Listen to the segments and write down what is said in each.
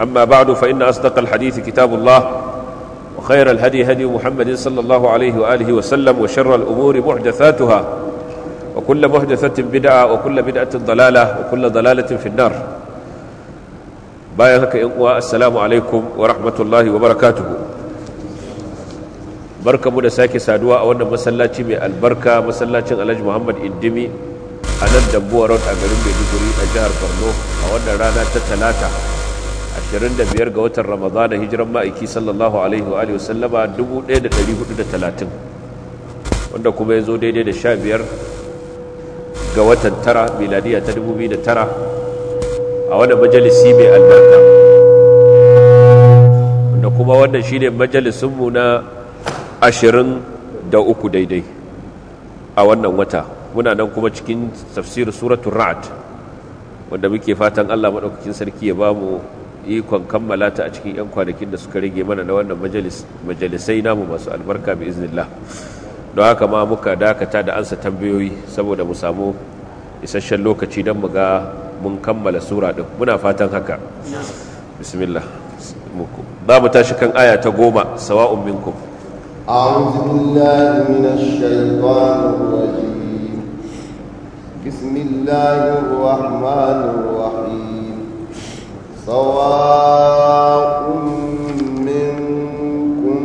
أما بعد فإن أصدق الحديث كتاب الله وخير الهدي هدي محمد صلى الله عليه وآله وسلم وشر الأمور محدثاتها وكل محدثة بدعة وكل بدعة ضلالة وكل ضلالة في النار بايهك إنقوى السلام عليكم ورحمة الله وبركاته بركة من ساكي سادوا أولا مسلاتي من البركة مسلاتي ألاج محمد إندمي a nan dambuwa road a garin maiduguri a jihar borno a wannan rana ta talata 25 ga watan ramadana hijiran ma'aiki sallallahu alaihi wa sallama 1430 wanda kuma ya zo daidai da 15 ga watan tara miladiya ta 2009 a wani majalisi mai albarka wanda kuma wannan shi ne majalisunmu na 23 daidai a wannan wata muna nan kuma cikin tafsirin suratun ra'ad wanda muke fatan allah maɗaukakin sarki ya ba mu ikon kammala ta a cikin 'yan kwanakin da suka rage mana na wannan majalisai namu masu albarka bi iznillah don haka ma muka dakata da ansa tambayoyi saboda mu samu isasshen lokaci don mu ga mun kammala sura ɗin muna fatan haka bismillah muku za mu tashi kan aya ta goma sawa'un minkum أعوذ بسم الله الرحمن الرحيم سواء منكم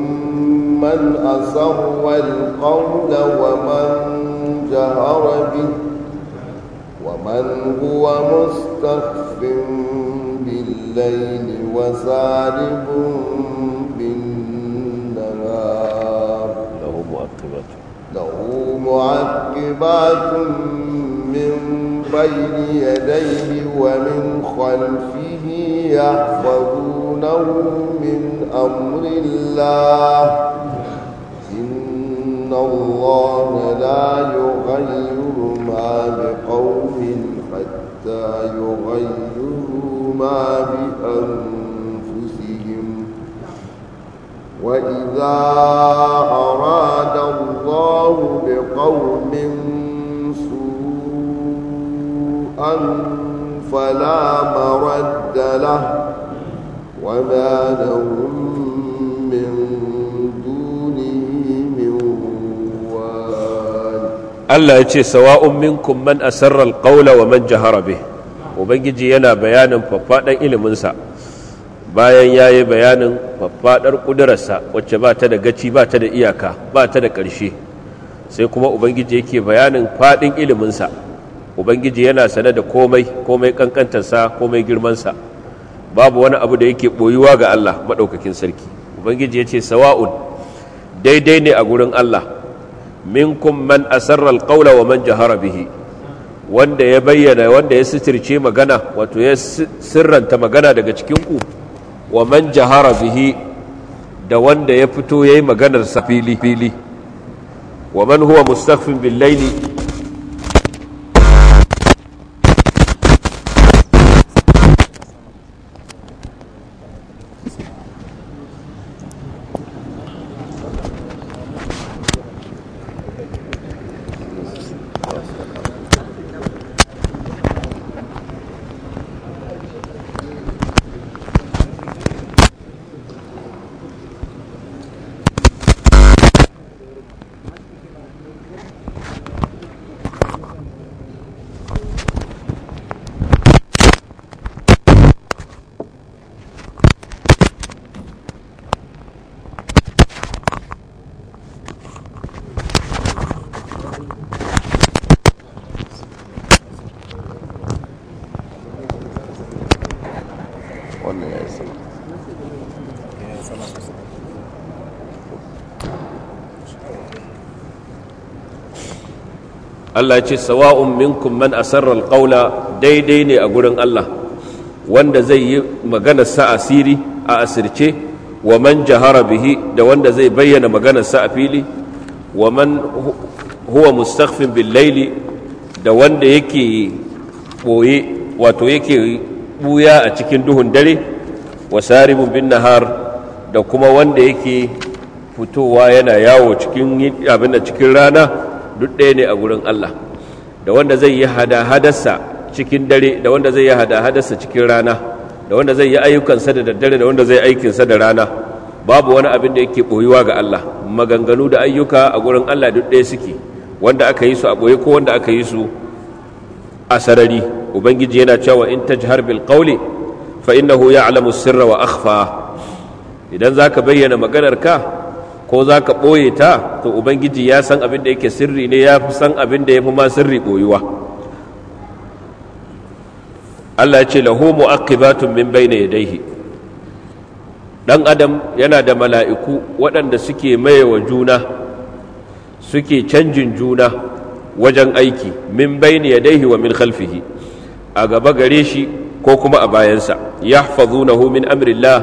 من أسر القول ومن جهر به ومن هو مستخف بالليل وسارب بالنهار له معقبات له معقبات من بين يديه ومن خلفه يحفظونه من أمر الله إن الله لا يغير ما بقوم حتى يغيروا ما بأنفسهم وإذا أراد الله بقوم فلا مرد له وما لهم من دونه من وال الله يتي سواء منكم من أسر القول ومن جهر به Ubangiji yana bayanin faffaɗan iliminsa bayan ya yi bayanin faffaɗar ƙudurarsa wacce ba ta da gaci ba ta da iyaka ba ta da ƙarshe sai kuma Ubangiji yake bayanin faɗin iliminsa ubangiji yana sane da komai komai kankantarsa komai girmansa babu wani abu da yake boyuwa ga Allah maɗaukakin sarki ubangiji ya ce sawa'un daidai ne a gurin Allah minkum man asarra alqawla wa man jahara bihi wanda ya bayyana wanda ya sitirce magana wato ya sirranta magana daga cikin ku wa man jahara bihi da wanda ya fito yayi maganar sa fili wa man huwa mustaghfin bil layli Allah ce sawa'un minkum man asarra alqawla daidai ne a gurin Allah wanda zai yi maganar sa asiri a asirce wa man jahara bihi da wanda zai bayyana magana sa a fili wa man huwa mustakhfin bil da wanda yake boye wato yake buya a cikin duhun dare wa saribun bin nahar da kuma wanda yake fitowa yana yawo cikin abin da cikin rana duk ɗaya ne a gurin Allah da wanda zai yi hada-hadarsa cikin dare da wanda zai yi hada-hadarsa cikin rana da wanda zai yi ayyukansa da daddare da wanda zai aikinsa da rana babu wani abin da yake boyuwa ga Allah maganganu da ayyuka a gurin Allah duk ɗaya suke wanda aka yi su a ɓoye ko wanda aka yi su a sarari ubangiji yana cewa in tajhar bil qawli fa innahu alamu sirra wa akhfa idan zaka bayyana maganar ka ko za ka ɓoye ta to ubangiji ya san abin da yake sirri ne ya fi san abin da ya fi ma sirri ɓoyuwa allah ya ce lahu mu'aqibatun min bayna yadayhi dan adam yana da mala'iku waɗanda suke maye wa juna suke canjin juna wajen aiki min bayni yadayhi wa min khalfihi a gaba gare shi ko kuma a bayansa yahfazunahu min amrillah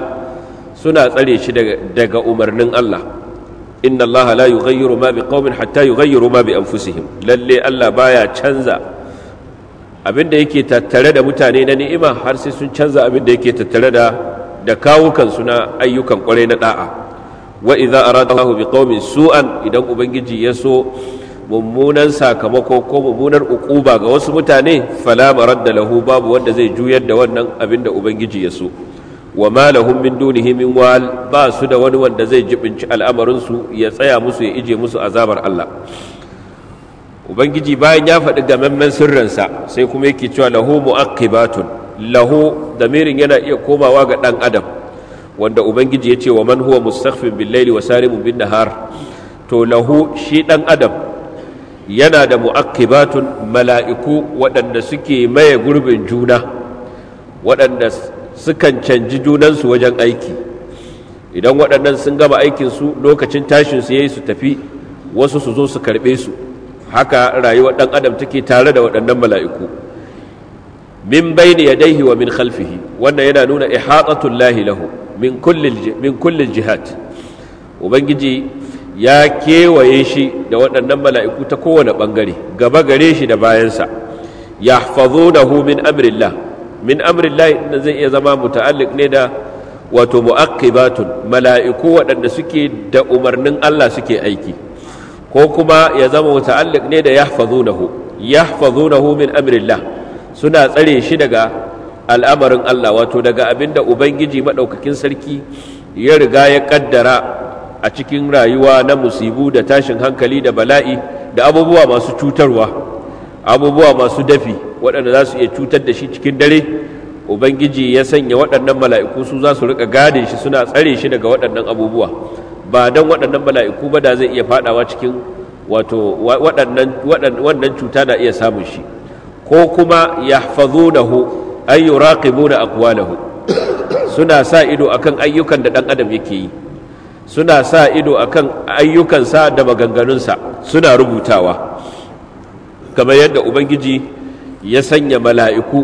suna tsare shi daga umarnin Allah inna Allah la yughayyiru ma biqaumin hatta yughayyiru ma bi anfusihim lalle Allah baya canza abinda yake tattare da mutane na ni'ima har sai sun canza abinda yake tattare da da kawukan na ayyukan kwarai na da'a wa idza arada Allah biqaumin su'an idan ubangiji ya so mummunan sakamako ko mummunar ukuba ga wasu mutane fala maradda lahu babu wanda zai juyar da wannan abinda ubangiji ya so wa ma lahum min dunihi min wal ba su da wani wanda zai jibinci al'amarinsu ya tsaya musu ya ije musu azabar Allah ubangiji bayan ya faɗi mamman sirrinsa sai kuma yake cewa lahu mu'aqibatun lahu damirin yana iya komawa ga ɗan adam wanda ubangiji ya ce wa man huwa mustaghfin bil laili wa sarimun bin nahar to lahu shi ɗan adam yana da mu'aqibatun mala'iku waɗanda suke maye gurbin juna waɗanda sukan canji junansu wajen aiki idan waɗannan sun gama aikinsu lokacin tashinsu ya yi su tafi wasu su zo su karɓe su haka rayuwar ɗan adam take tare da waɗannan mala'iku min ya yadaihi wa min khalfihi wannan yana nuna ihatatul lahi lahu min kullin jihad ubangiji ya kewaye shi da waɗannan mala'iku ta kowane ɓangare gaba gare shi da bayansa yahfazunahu min amrillah min amrillahi zai iya zama muta'alliq ne da wato mu'aqqibatun mala'iku waɗanda suke da umarnin Allah suke aiki ko kuma ya zama muta'alliq ne da yahfazunahu yahfazunahu min amrillah suna tsare shi daga al'amarin Allah wato daga abinda ubangiji madaukakin sarki ya riga ya ƙaddara a cikin rayuwa na musibu da tashin hankali da bala'i da abubuwa masu cutarwa abubuwa masu dafi waɗanda za su iya cutar da shi cikin dare ubangiji ya sanya waɗannan mala'iku su za su riƙa gadin shi suna tsare shi daga waɗannan abubuwa ba don waɗannan mala'iku ba da zai iya faɗawa cikin wato wannan cuta na iya samun shi ko kuma ya da hu an yi da hu suna sa ido a kan ayyukan da ɗan adam yake yi suna sa ido a kan ayyukansa da maganganunsa suna rubutawa kamar yadda ubangiji ya sanya mala'iku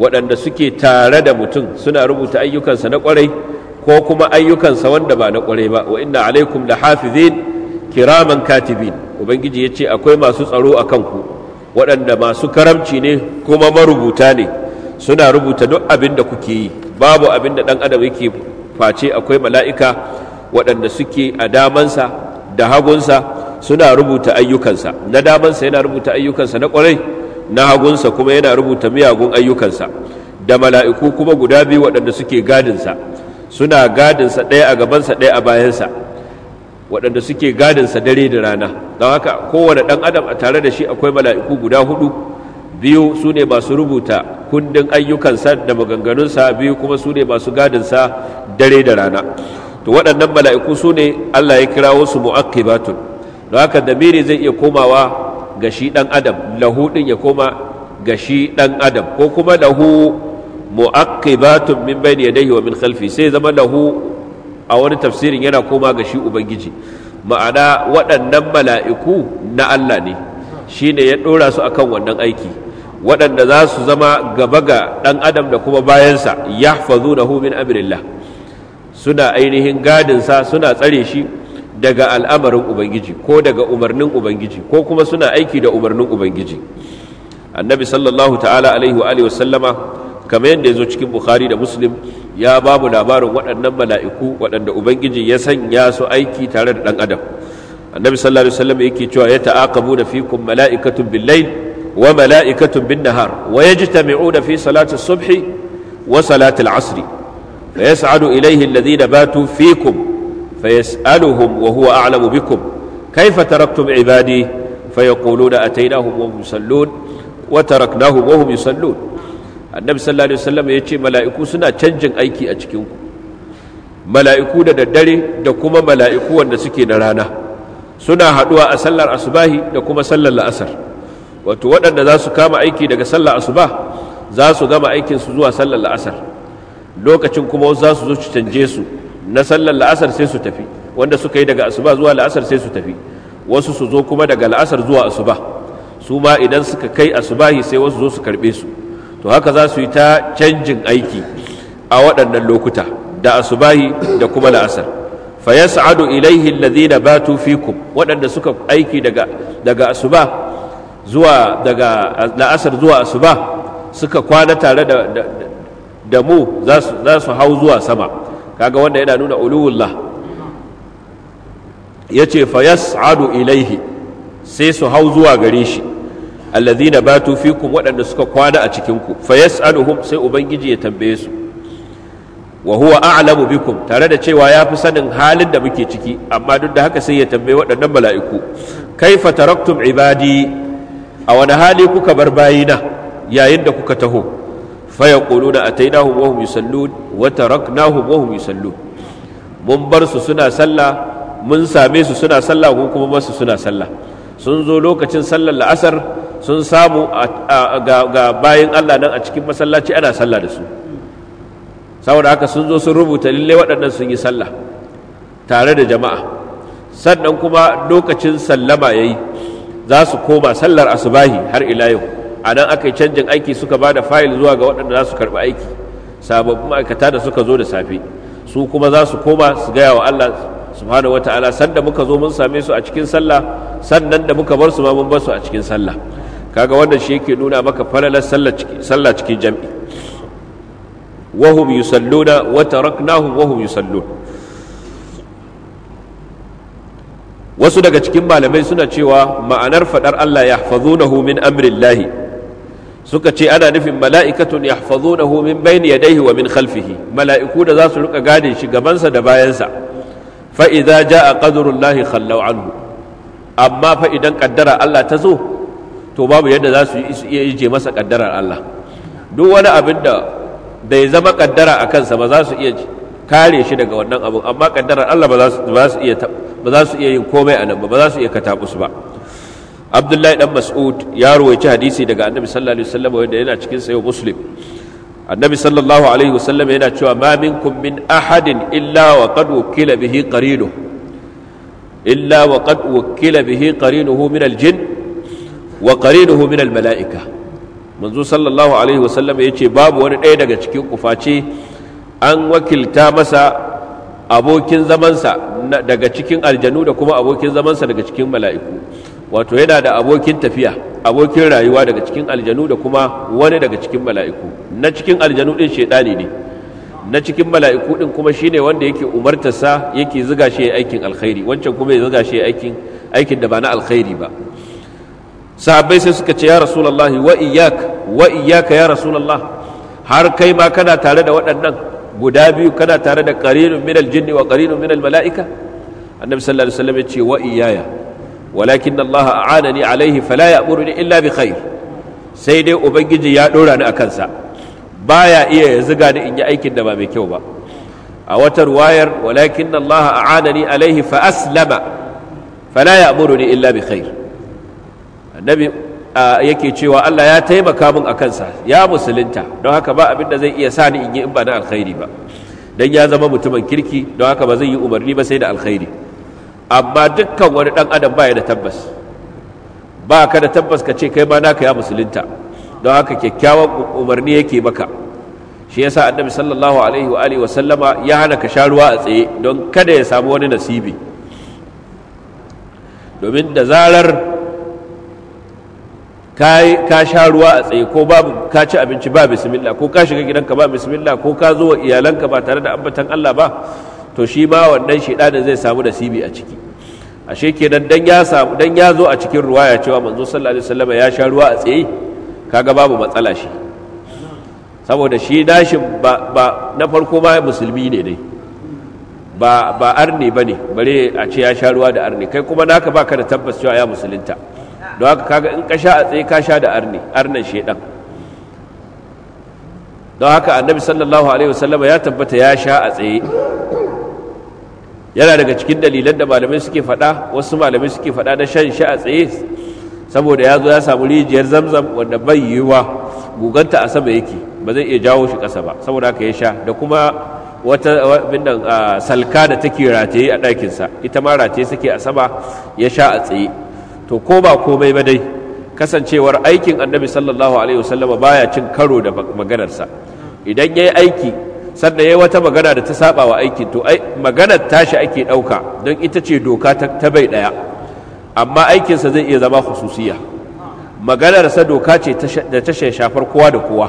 waɗanda suke tare da mutum suna rubuta ayyukansa na ƙwarai ko kuma ayyukansa wanda ba na ƙwarai ba wa inna alaikum da hafizin kiraman katibin ubangiji ya ce akwai masu tsaro a kanku waɗanda masu karamci ne kuma marubuta ne suna rubuta duk abin da kuke yi babu abin da ɗan adam yake face akwai mala'ika waɗanda suke a damansa da hagunsa suna rubuta ayyukansa na damansa yana rubuta ayyukansa na ƙwarai na hagunsa kuma yana rubuta miyagun ayyukansa da mala'iku kuma guda biyu waɗanda suke gadinsa suna gadinsa ɗaya a gabansa ɗaya a bayansa waɗanda suke gadinsa dare da rana don haka kowane ɗan adam a tare da shi akwai mala'iku guda hudu biyu su ne masu rubuta kundin ayyukansa da maganganunsa biyu kuma su ne masu gadinsa dare da rana to waɗannan mala'iku su ne allah ya kirawo su batun. don haka damiri zai iya komawa ga shi ɗan adam lahu ɗin ya koma ga shi ɗan adam ko kuma lahu mu'aqqibatun min bayni yadayhi wa min khalfi sai zama lahu a wani tafsirin yana koma ga shi ubangiji ma'ana waɗannan mala'iku na Allah ne shine ya ɗora su akan wannan aiki waɗanda za su zama gaba ga ɗan adam da kuma bayansa ya fazu na min amrillah suna ainihin gadinsa suna tsare shi daga al'amarin ubangiji ko daga umarnin ubangiji ko kuma suna aiki da umarnin ubangiji annabi sallallahu ta'ala alaihi wa alihi wasallama kamar yadda ya zo cikin bukhari da muslim ya ba mu labarin waɗannan mala'iku waɗanda ubangiji ya sanya su aiki tare da ɗan adam annabi sallallahu alaihi wasallam yake cewa ya ta'aqabu da fikum mala'ikatun bil layl wa mala'ikatun bin nahar wa yajtami'una fi salati subhi wa salati al-'asr fa yas'adu ilayhi alladhina batu fikum فيسألهم وهو أعلم بكم كيف تركتم عبادي فيقولون أتيناهم وهم يصلون وتركناهم وهم يصلون النبي صلى الله عليه وسلم يجي ملائكو سنة تنجن أيكي أتكيوكم mala'iku da daddare da kuma mala'iku wanda suke da rana suna haɗuwa a sallar asubahi da kuma sallar la'asar wato waɗanda zasu kama aiki daga sallar asuba zasu gama aikin su zuwa sallar la'asar lokacin kuma wasu za su canje su na sallar la'asar sai su tafi wanda suka yi daga asuba zuwa la'asar sai su tafi wasu su zo kuma daga la'asar zuwa asuba su ma idan suka kai asubahi sai wasu zo su karbe su to haka za su yi ta canjin aiki a waɗannan lokuta da asubahi da kuma la'asar fa yas'adu ilaihi alladhina batu fikum waɗanda suka aiki daga daga asuba zuwa daga la'asar zuwa asuba suka kwana tare da da mu za su hau zuwa sama kaga wanda yana nuna uluwullah yace fayas yas'adu ilaihi sai su hau zuwa gare shi alladhina batu fikum waɗanda suka kwana a cikin ku fa yas'aluhum sai ubangiji ya tambaye su wa huwa a'lamu bikum tare da cewa ya fi sanin halin da muke ciki amma duk da haka sai ya tambaye waɗannan mala'iku kaifa taraktum ibadi a wani hali kuka bar bayina yayin da kuka taho fa yaquluna atainahum wa hum yusallun wa taraknahum wa hum yusallun mun bar su suna sallah mun same su suna sallah ko kuma su suna sallah sun zo lokacin sallar la'asar sun samu ga bayan Allah nan a cikin masallaci ana sallah da su saboda haka sun zo sun rubuta lallai waɗannan sun yi sallah tare da jama'a sannan kuma lokacin sallama ya yi za su koma sallar asubahi har ila yau a nan aka yi canjin aiki suka ba da fayil zuwa ga waɗanda za su karɓi aiki sababbin ma'aikata da suka zo da safe su kuma za su koma su gaya wa Allah subhanahu wataala sanda muka zo mun same su a cikin sallah sannan da muka bar su ma mun bar su a cikin sallah kaga wannan shi yake nuna maka falalar sallah cikin jam'i wahum yusalluna wa taraknahum wahum yusallun wasu daga cikin malamai suna cewa ma'anar fadar Allah yahfazunahu min amrillahi suka ce ana nufin mala'ikatun yahfazunahu min ya yadayhi wa min khalfihi mala'iku da za su rika gadin shi gabansa da bayansa fa idza jaa qadrullahi khallaw anhu amma fa idan kaddara Allah ta zo to babu yadda za su iya ije masa kaddarar Allah duk wani abin da bai zama kaddara a kansa ba za su iya kare shi daga wannan abin amma kaddarar Allah ba za su iya yin komai a nan ba ba za su iya kataɓus ba abdullahi dan mas'ud ya ruwaici hadisi daga annabi sallallahu alaihi wasallam wanda yana cikin sayo muslim annabi sallallahu alaihi wasallam yana cewa ma minkum min ahadin illa wa qad wukila bihi qarinu illa wa qad wukila bihi qarinuhu min al wa qarinuhu min al manzo sallallahu alaihi wasallam yace babu wani ɗaya daga cikin kufaci an wakilta masa abokin zamansa daga cikin aljanu da kuma abokin zamansa daga cikin mala'iku wato yana da abokin tafiya abokin rayuwa daga cikin aljanu da kuma wani daga cikin mala'iku na cikin aljanu din shaidani ne na cikin mala'iku din kuma shine wanda yake umartarsa yake ziga shi aikin alkhairi wancan kuma ya ziga shi aikin aikin da ba na alkhairi ba sahabbai sai suka ce ya rasulullahi wa iyyak wa iyyaka ya rasulullah har kai ma kana tare da waɗannan guda biyu kana tare da qarinun min jinni wa qarinun min almala'ika? annabi sallallahu alaihi wasallam ya ce wa iyyaya walakin Allah a'anani alaihi fala ya'muruni illa bi khair sai dai ubangiji ya dora ni akan sa baya iya ya ziga ni in yi aikin da ba mai kyau ba a wata ruwayar walakin Allah a'anani alaihi fa aslama fala ya'muruni illa bi khair annabi yake cewa Allah ya taimaka min a kansa ya musulunta don haka ba abin zai iya sa ni in yi in ba na alkhairi ba dan ya zama mutumin kirki don haka ba zai yi umarni ba sai da alkhairi amma dukkan wani dan adam baya da tabbas ba ka da tabbas ka ce kai ma naka ya musulunta don haka kyakkyawan umarni yake maka shi yasa annabi sallallahu alaihi wa alihi wa sallama ya hana ka sha ruwa a tsaye don kada ya samu wani nasibi domin da zarar ka sha ruwa a tsaye ko babu ka ci abinci ba bismillah ko ka shiga gidanka ba bismillah ko ka zo wa iyalanka ba tare da ambatan Allah ba to shi ma wannan shedanin zai samu nasibi a ciki ashe kenan dan ya samu dan ya zo a cikin ruwaya cewa manzo sallallahu alaihi wasallam ya sha ruwa a tsaye kaga babu matsala shi saboda shi dashin ba, ba na farko ba musulmi ne dai ba ba arni bane bare a ce ya sha ruwa da arni kai kuma naka baka da tabbas cewa ya musulunta don haka kaga in ka sha a tsaye ka sha da arni arnan shedan don haka annabi sallallahu alaihi wasallam ya tabbata ya sha a tsaye yana daga cikin dalilan da malamai suke faɗa wasu malamai suke faɗa na shan shi a tsaye saboda ya zo ya samu rijiyar zamzam wanda bai yiwuwa guganta a sama yake ba zai iya jawo shi ƙasa ba saboda haka ya sha da kuma wata bindan salka da take rataye a ɗakinsa ita ma rataye suke a sama ya sha a tsaye to ko ba komai ba dai kasancewar aikin annabi sallallahu alaihi wasallama baya cin karo da maganarsa idan ya yi aiki sannan yayi wata magana da ta saba wa aikin to ai maganar tashi ake ɗauka don ita ce doka ta bai ɗaya amma aikinsa zai iya zama hususiya maganarsa doka ce da ta shafar kowa da kowa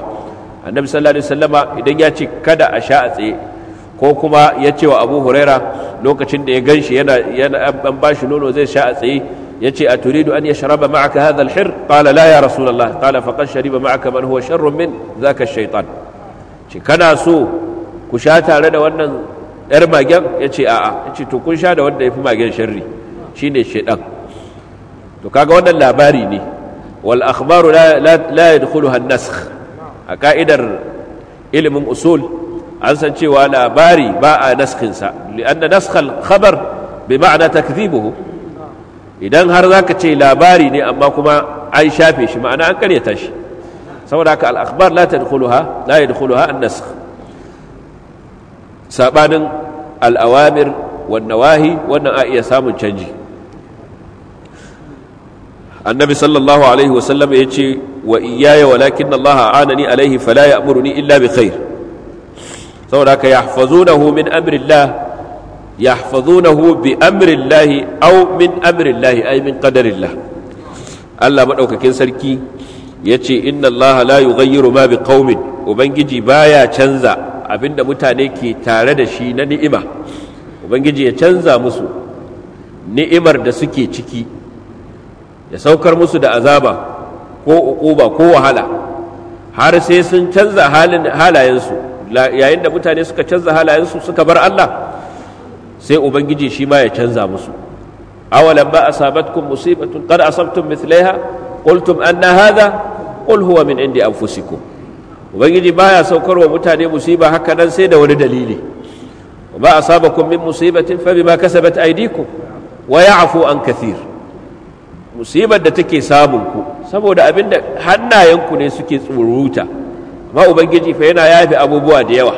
annabi sallallahu alaihi wasallama idan ya ce kada a sha a tsaye ko kuma ya ce wa abu huraira lokacin da ya gan shi yana an ba shi nono zai sha a tsaye ya ce a turidu an ya sharaba ma'aka hadha alhir qala la ya rasulullah qala faqad shariba ma'aka man huwa sharrun min zaka shaytan ce kana so ku sha tare da wannan yar magen ya ce a'a ya ce to kun sha da wanda ya fi magen sharri shine shaɗan to kaga wannan labari ne wal akhbaru la la a ka'idar ilimin usul an san cewa labari ba a naskhin li'anna naskh al-khabar bi ma'na idan har zaka ce labari ne amma kuma an shafe shi ma'ana an karyata shi saboda haka al-akhbar la la an-nasakh Saɓanin al'awamir wannan wannan a iya samun canji annabi sallallahu alaihi wasallam ya ce wa iyaya walakin Allah anani alaihi fala ya'muruni illa bi khair saboda ka yahfazunahu min amrillah yahfazunahu bi amrillah aw min amrillah ay min qadarillah Allah madaukakin sarki yace inna Allah la yughayyiru ma bi qaumin ubangiji baya canza abinda mutane ke tare da shi na ni'ima ubangiji ya canza musu ni'imar da suke ciki ya saukar musu da azaba ko uquba ko wahala har sai sun canza halin halayensu yayin da mutane suka canza halayensu suka bar Allah sai ubangiji shi ma ya canza musu awalan ba asabatkum musibatun qad asabtum mithlaiha qultum anna hadha qul huwa min indi anfusikum ubangiji baya saukar wa mutane musiba haka nan sai da wani dalili ba a asabakum min musibatin fa bima kasabat aydikum wa ya'fu an kathir musibar da take samun ku saboda abinda hannayenku ne suke tsururuta amma ubangiji fa yana yafi abubuwa da yawa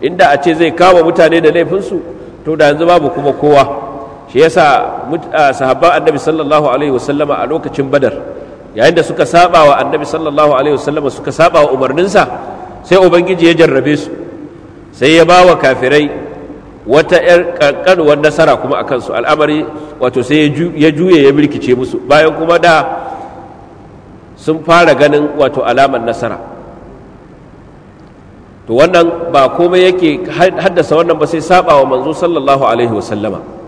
inda a ce zai kama mutane da laifinsu to da yanzu babu kuma kowa shi yasa sahabban annabi sallallahu alaihi wasallama a lokacin badar yayin da suka saba wa annabi sallallahu alaihi wasallam suka saba wa umarninsa sai ubangiji ya jarrabe su sai ya ba wa kafirai wata yar kankanuwar nasara kuma akan su al'amari wato sai ya juye ya birkice musu bayan kuma da sun fara ganin wato alamar nasara to wannan ba komai yake haddasa wannan ba sai saba wa manzo sallallahu alaihi wasallama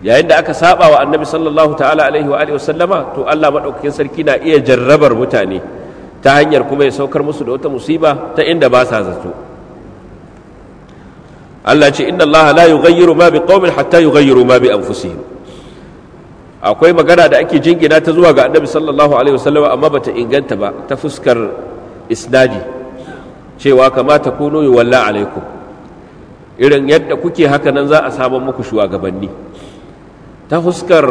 yayin da aka saba wa annabi sallallahu ta'ala alaihi wa alihi wasallama to Allah madaukakin sarki na iya jarrabar mutane ta hanyar kuma ya saukar musu da wata musiba ta inda ba sa zato Allah ce inna Allah la yughayyiru ma biqaumin hatta yughayyiru ma bi anfusihim akwai magana da ake jingina ta zuwa ga annabi sallallahu alaihi wasallama amma bata inganta ba ta fuskar isnadi cewa kamata kunu yuwalla alaikum irin yadda kuke haka nan za a samu muku shugabanni ta fuskar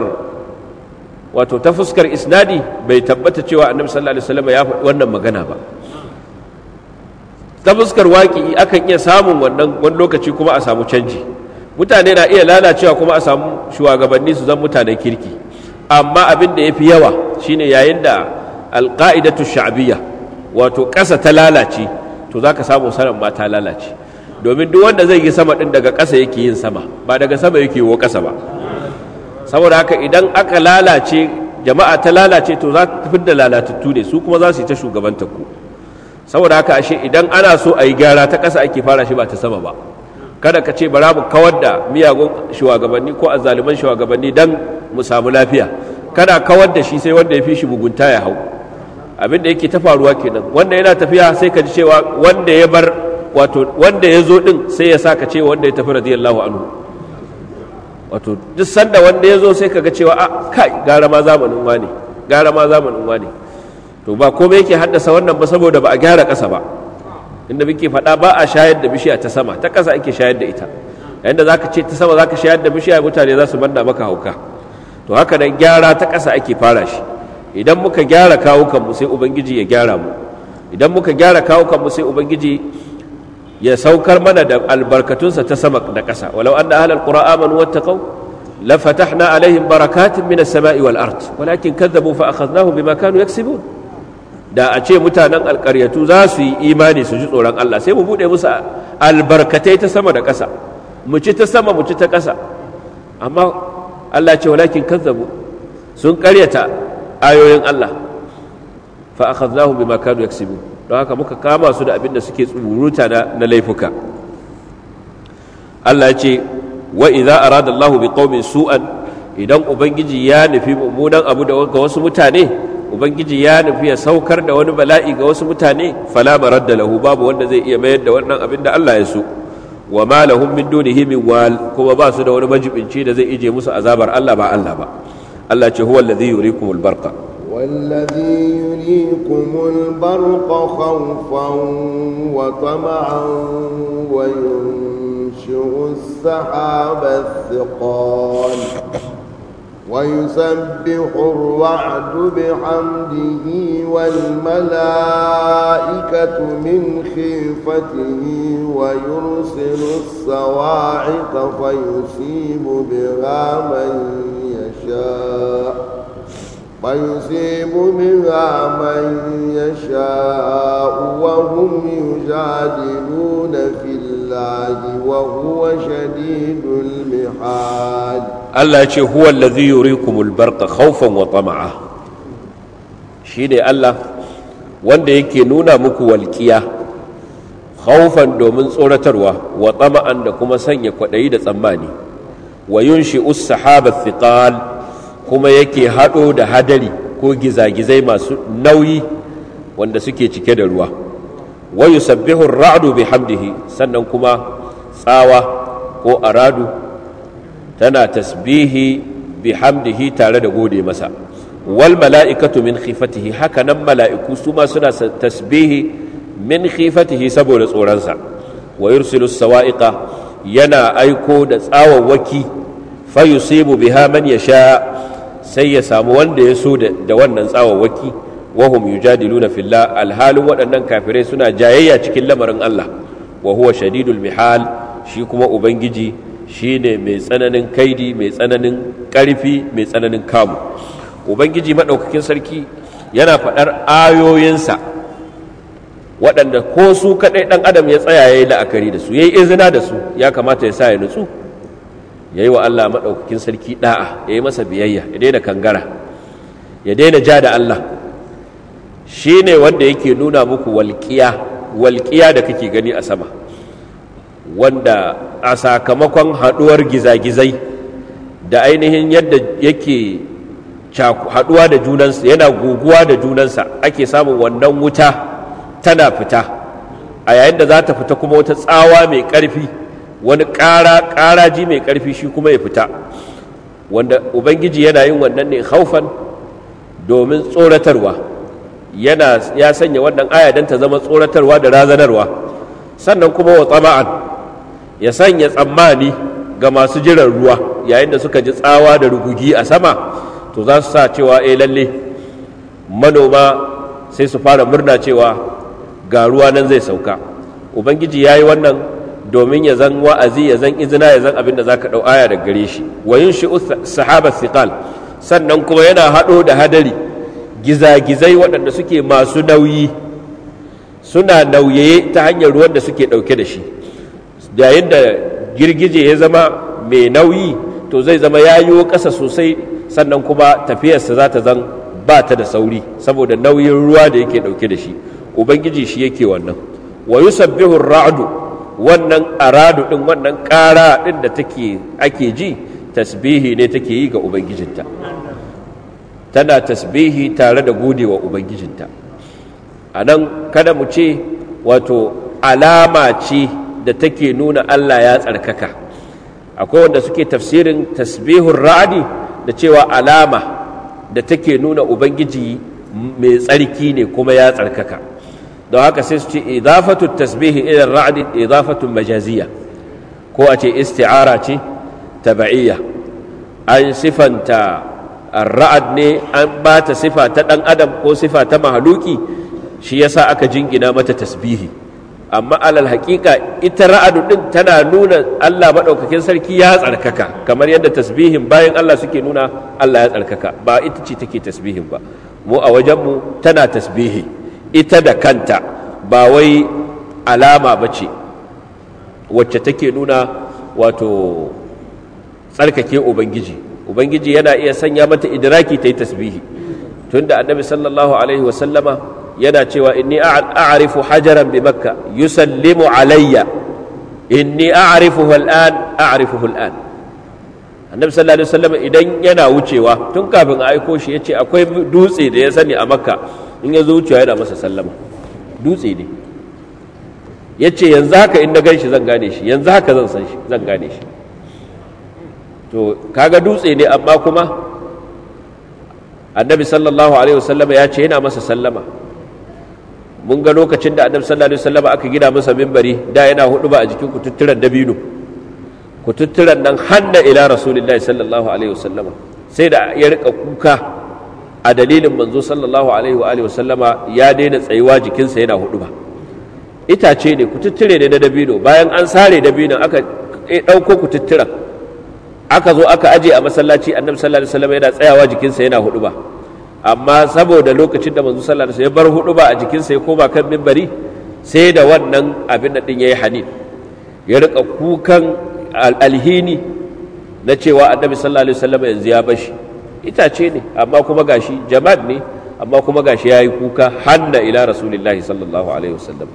wato ta fuskar isnadi bai tabbata cewa annabi sallallahu alaihi wasallam ya faɗi wannan magana ba ta fuskar waki akan iya samun wannan wani lokaci kuma a samu canji mutane na iya lalacewa kuma a samu shugabanni su zan mutanen kirki amma abin da ya fi yawa shine yayin da alqaidatu sha'abiyya wato ƙasa ta lalace to za samu sanan ma ta lalace domin duk wanda zai yi sama din daga ƙasa yake yin sama ba daga sama yake wo ƙasa ba saboda haka idan aka lalace jama'a ta lalace to za ta da lalatattu ne su kuma za su yi ta shugabanta ku saboda haka ashe idan ana so a yi gyara ta ƙasa ake fara shi ba ta sama ba kada ka ce bara mu kawar da miyagun shugabanni ko azzaliman shugabanni dan mu samu lafiya kada kawar da shi sai wanda ya fi shi mugunta ya hau abin da yake ta faruwa kenan wanda yana tafiya sai ka ji cewa wanda ya bar wato wanda ya zo din sai ya sa ka ce wanda ya tafi radiyallahu anhu wato duk sanda wanda ya zo sai kaga cewa a ah, kai gara ma zamanin wane gara ma zamanin wane to ba komai yake haddasa wannan ba saboda ba a gyara ƙasa ba inda muke faɗa ba a shayar da bishiya ta sama ta ƙasa ake shayar da ita yayin da zaka ce ta sama zaka shayar da bishiya mutane za su banda maka hauka to haka nan gyara ta ƙasa ake fara shi idan muka gyara kawukan mu sai ubangiji ya gyara mu idan muka gyara kawukan mu sai ubangiji ya saukar mana da albarkatunsa ta sama da ƙasa walau anna ahlal qura amanu wattaqau la fatahna alaihim barakatin minas sama'i wal ard walakin kadzabu fa akhadnahum bima kanu yaksibun da a ce mutanen alƙaryatu za su yi imani su ji tsoron Allah sai mu bude musu albarkatai ta sama da ƙasa mu ci ta sama mu ci ta ƙasa amma Allah ce walakin kadzabu sun ƙaryata ayoyin Allah fa akhadnahum bima kanu yaksibun don haka muka kama su da abin da suke tsuruta na laifuka Allah ce wa idza arada Allahu bi qaumin su'an idan ubangiji ya nufi mummunan abu da ga wasu mutane ubangiji ya nufi ya saukar da wani bala'i ga wasu mutane fala maradda lahu babu wanda zai iya mayar da wannan abin da Allah ya so wa ma lahum min dunihi min wal kuma ba su da wani majibinci da zai ije musu azabar Allah ba Allah ba Allah ce huwa alladhi yurikumul barqa والذي يريكم البرق خوفا وطمعا وينشر السحاب الثقال ويسبح الوعد بحمده والملائكة من خيفته ويرسل الصواعق فيصيب بها من يشاء وَيُصِيبُ بِهَا مَنْ يَشَاءُ وَهُمْ يُجَادِلُونَ فِي اللَّهِ وَهُوَ شَدِيدُ الْمِحَادِ Allah ce huwa allazi yurikumul barqa khawfan wa tama'a shine Allah wanda yake nuna muku walƙiya khawfan domin tsoratarwa wa tama'an da kuma sanya kwaɗayi da tsammani wa yunshi us sahaba thiqal kuma yake haɗo da hadari ko gizagizai masu nauyi wanda suke cike da ruwa wa yusabbihu ar-ra'du sannan kuma tsawa ko aradu tana tasbihi bihamdihi tare da gode masa wal mala'ikatu min khifatihi haka nan mala'iku su ma suna tasbihi min khifatihi saboda tsoronsa wa yursilu sawa'iqa yana aiko da tsawawwaki fa yusibu biha man yasha sai ya samu wanda ya so da wannan tsawawaki wahum yujadiluna fillah alhalin waɗannan kafirai suna jayayya cikin lamarin Allah wa huwa shadidul mihal shi kuma ubangiji shine mai tsananin kaidi mai tsananin karfi mai tsananin kamu ubangiji maɗaukakin sarki yana faɗar ayoyinsa waɗanda ko su kaɗai ɗan adam ya tsaya ya yi la'akari da su ya yi izina da su ya kamata ya sa ya nutsu ya yi wa Allah maɗaukakin sarki ɗa'a ya yi masa biyayya ya daina kangara ya daina ja da Allah shi ne wanda yake nuna muku walƙiya walƙiya da kake gani a sama wanda a sakamakon haɗuwar gizagizai da ainihin yadda yake haɗuwa da junansa yana guguwa da junansa ake samun wannan wuta tana fita a yayin da za ta fita kuma wata tsawa mai ƙarfi wani ƙara ƙaraji mai ƙarfi shi kuma ya fita wanda ubangiji yana yin wannan ne haufan domin tsoratarwa yana ya sanya wannan aya don ta zama tsoratarwa da razanarwa sannan kuma wa tsama'an ya sanya tsammani ga masu jiran ruwa yayin da suka ji tsawa da rugugi a sama to za su sa cewa eh lalle manoma sai su fara murna cewa ga ruwa nan zai sauka ubangiji ya yi wannan domin ya zan wa'azi ya zan izina ya zan abin da za ka ɗau aya gare shi wa yin shi sahaba siqal sannan kuma yana haɗo da hadari gizagizai waɗanda suke masu nauyi suna nauyaye ta hanyar ruwan da suke ɗauke da shi yayin da girgije ya zama mai nauyi to zai zama ya yiwo ƙasa sosai sannan kuma tafiyarsa za ta zan ba ta da sauri saboda nauyin ruwa da yake ɗauke da shi ubangiji shi yake wannan wa yusabbihu ra'du wannan aradu ɗin wannan ƙara ɗin da take ake ji tasbihi ne take yi ga ubangijinta tana tasbihi tare da wa ubangijinta a nan kada mu ce wato alama ce da take nuna Allah ya tsarkaka akwai wanda suke tafsirin tasbihun ra'adi da cewa alama da take nuna ubangiji mai tsarki ne kuma ya tsarkaka don haka sai su ce idafatu tasbihi ila ra'd idafatu majaziya ko a ce isti'ara ce taba'iyya an sifanta rad ne an bata sifa ta dan adam ko sifa ta mahaluki shi yasa aka jingina mata tasbihi amma alal haƙiƙa ita ra'adu ɗin tana nuna Allah maɗaukakin sarki ya tsarkaka kamar yadda tasbihin bayan Allah suke nuna Allah ya tsarkaka ba ita ce take tasbihin ba mu a wajenmu tana tasbihi ita da kanta ba wai alama ba ce wacce take nuna wato tsarkake ubangiji ubangiji yana iya sanya mata idiraki ta yi tasbihi tunda annabi sallallahu alaihi wasallama yana cewa inni a'rifu hajaran bi makka yusallimu alayya inni a'rifuhu al'an a'rifuhu al'an annabi sallallahu alaihi wasallama idan yana wucewa tun kafin a aiko shi yace akwai dutse da ya sani a makka in ya zo wucewa yana masa sallama dutse ne ya ce yanzu haka in na gan shi zan gane shi yanzu haka zan san shi zan gane shi to kaga dutse ne amma kuma annabi sallallahu alaihi wasallama ya ce yana masa sallama mun ga lokacin da annabi sallallahu alaihi wasallama aka gina masa mimbari da yana hudu ba a jikin kututturan dabino kututturan nan hanna ila rasulullahi sallallahu alaihi wasallama sai da ya rika kuka a dalilin manzo sallallahu alaihi wa sallama ya daina tsayuwa jikinsa yana hudu ba itace ne kututtire ne na dabino bayan an sare dabinon aka ɗauko kututturen aka zo aka aje a masallaci annabi sallallahu alaihi wasallam yana tsayawa jikinsa yana hudu ba amma saboda lokacin da manzo sallallahu alaihi wasallam ya bar hudu ba a jikinsa ya koma kan minbari sai da wannan abin da din yayi hanin ya rika kukan alhini na cewa annabi sallallahu alaihi wasallam yanzu ya bashi itace ne amma kuma gashi jamad ne amma kuma gashi ya yi kuka hanna ila rasulillahi sallallahu alaihi wasallam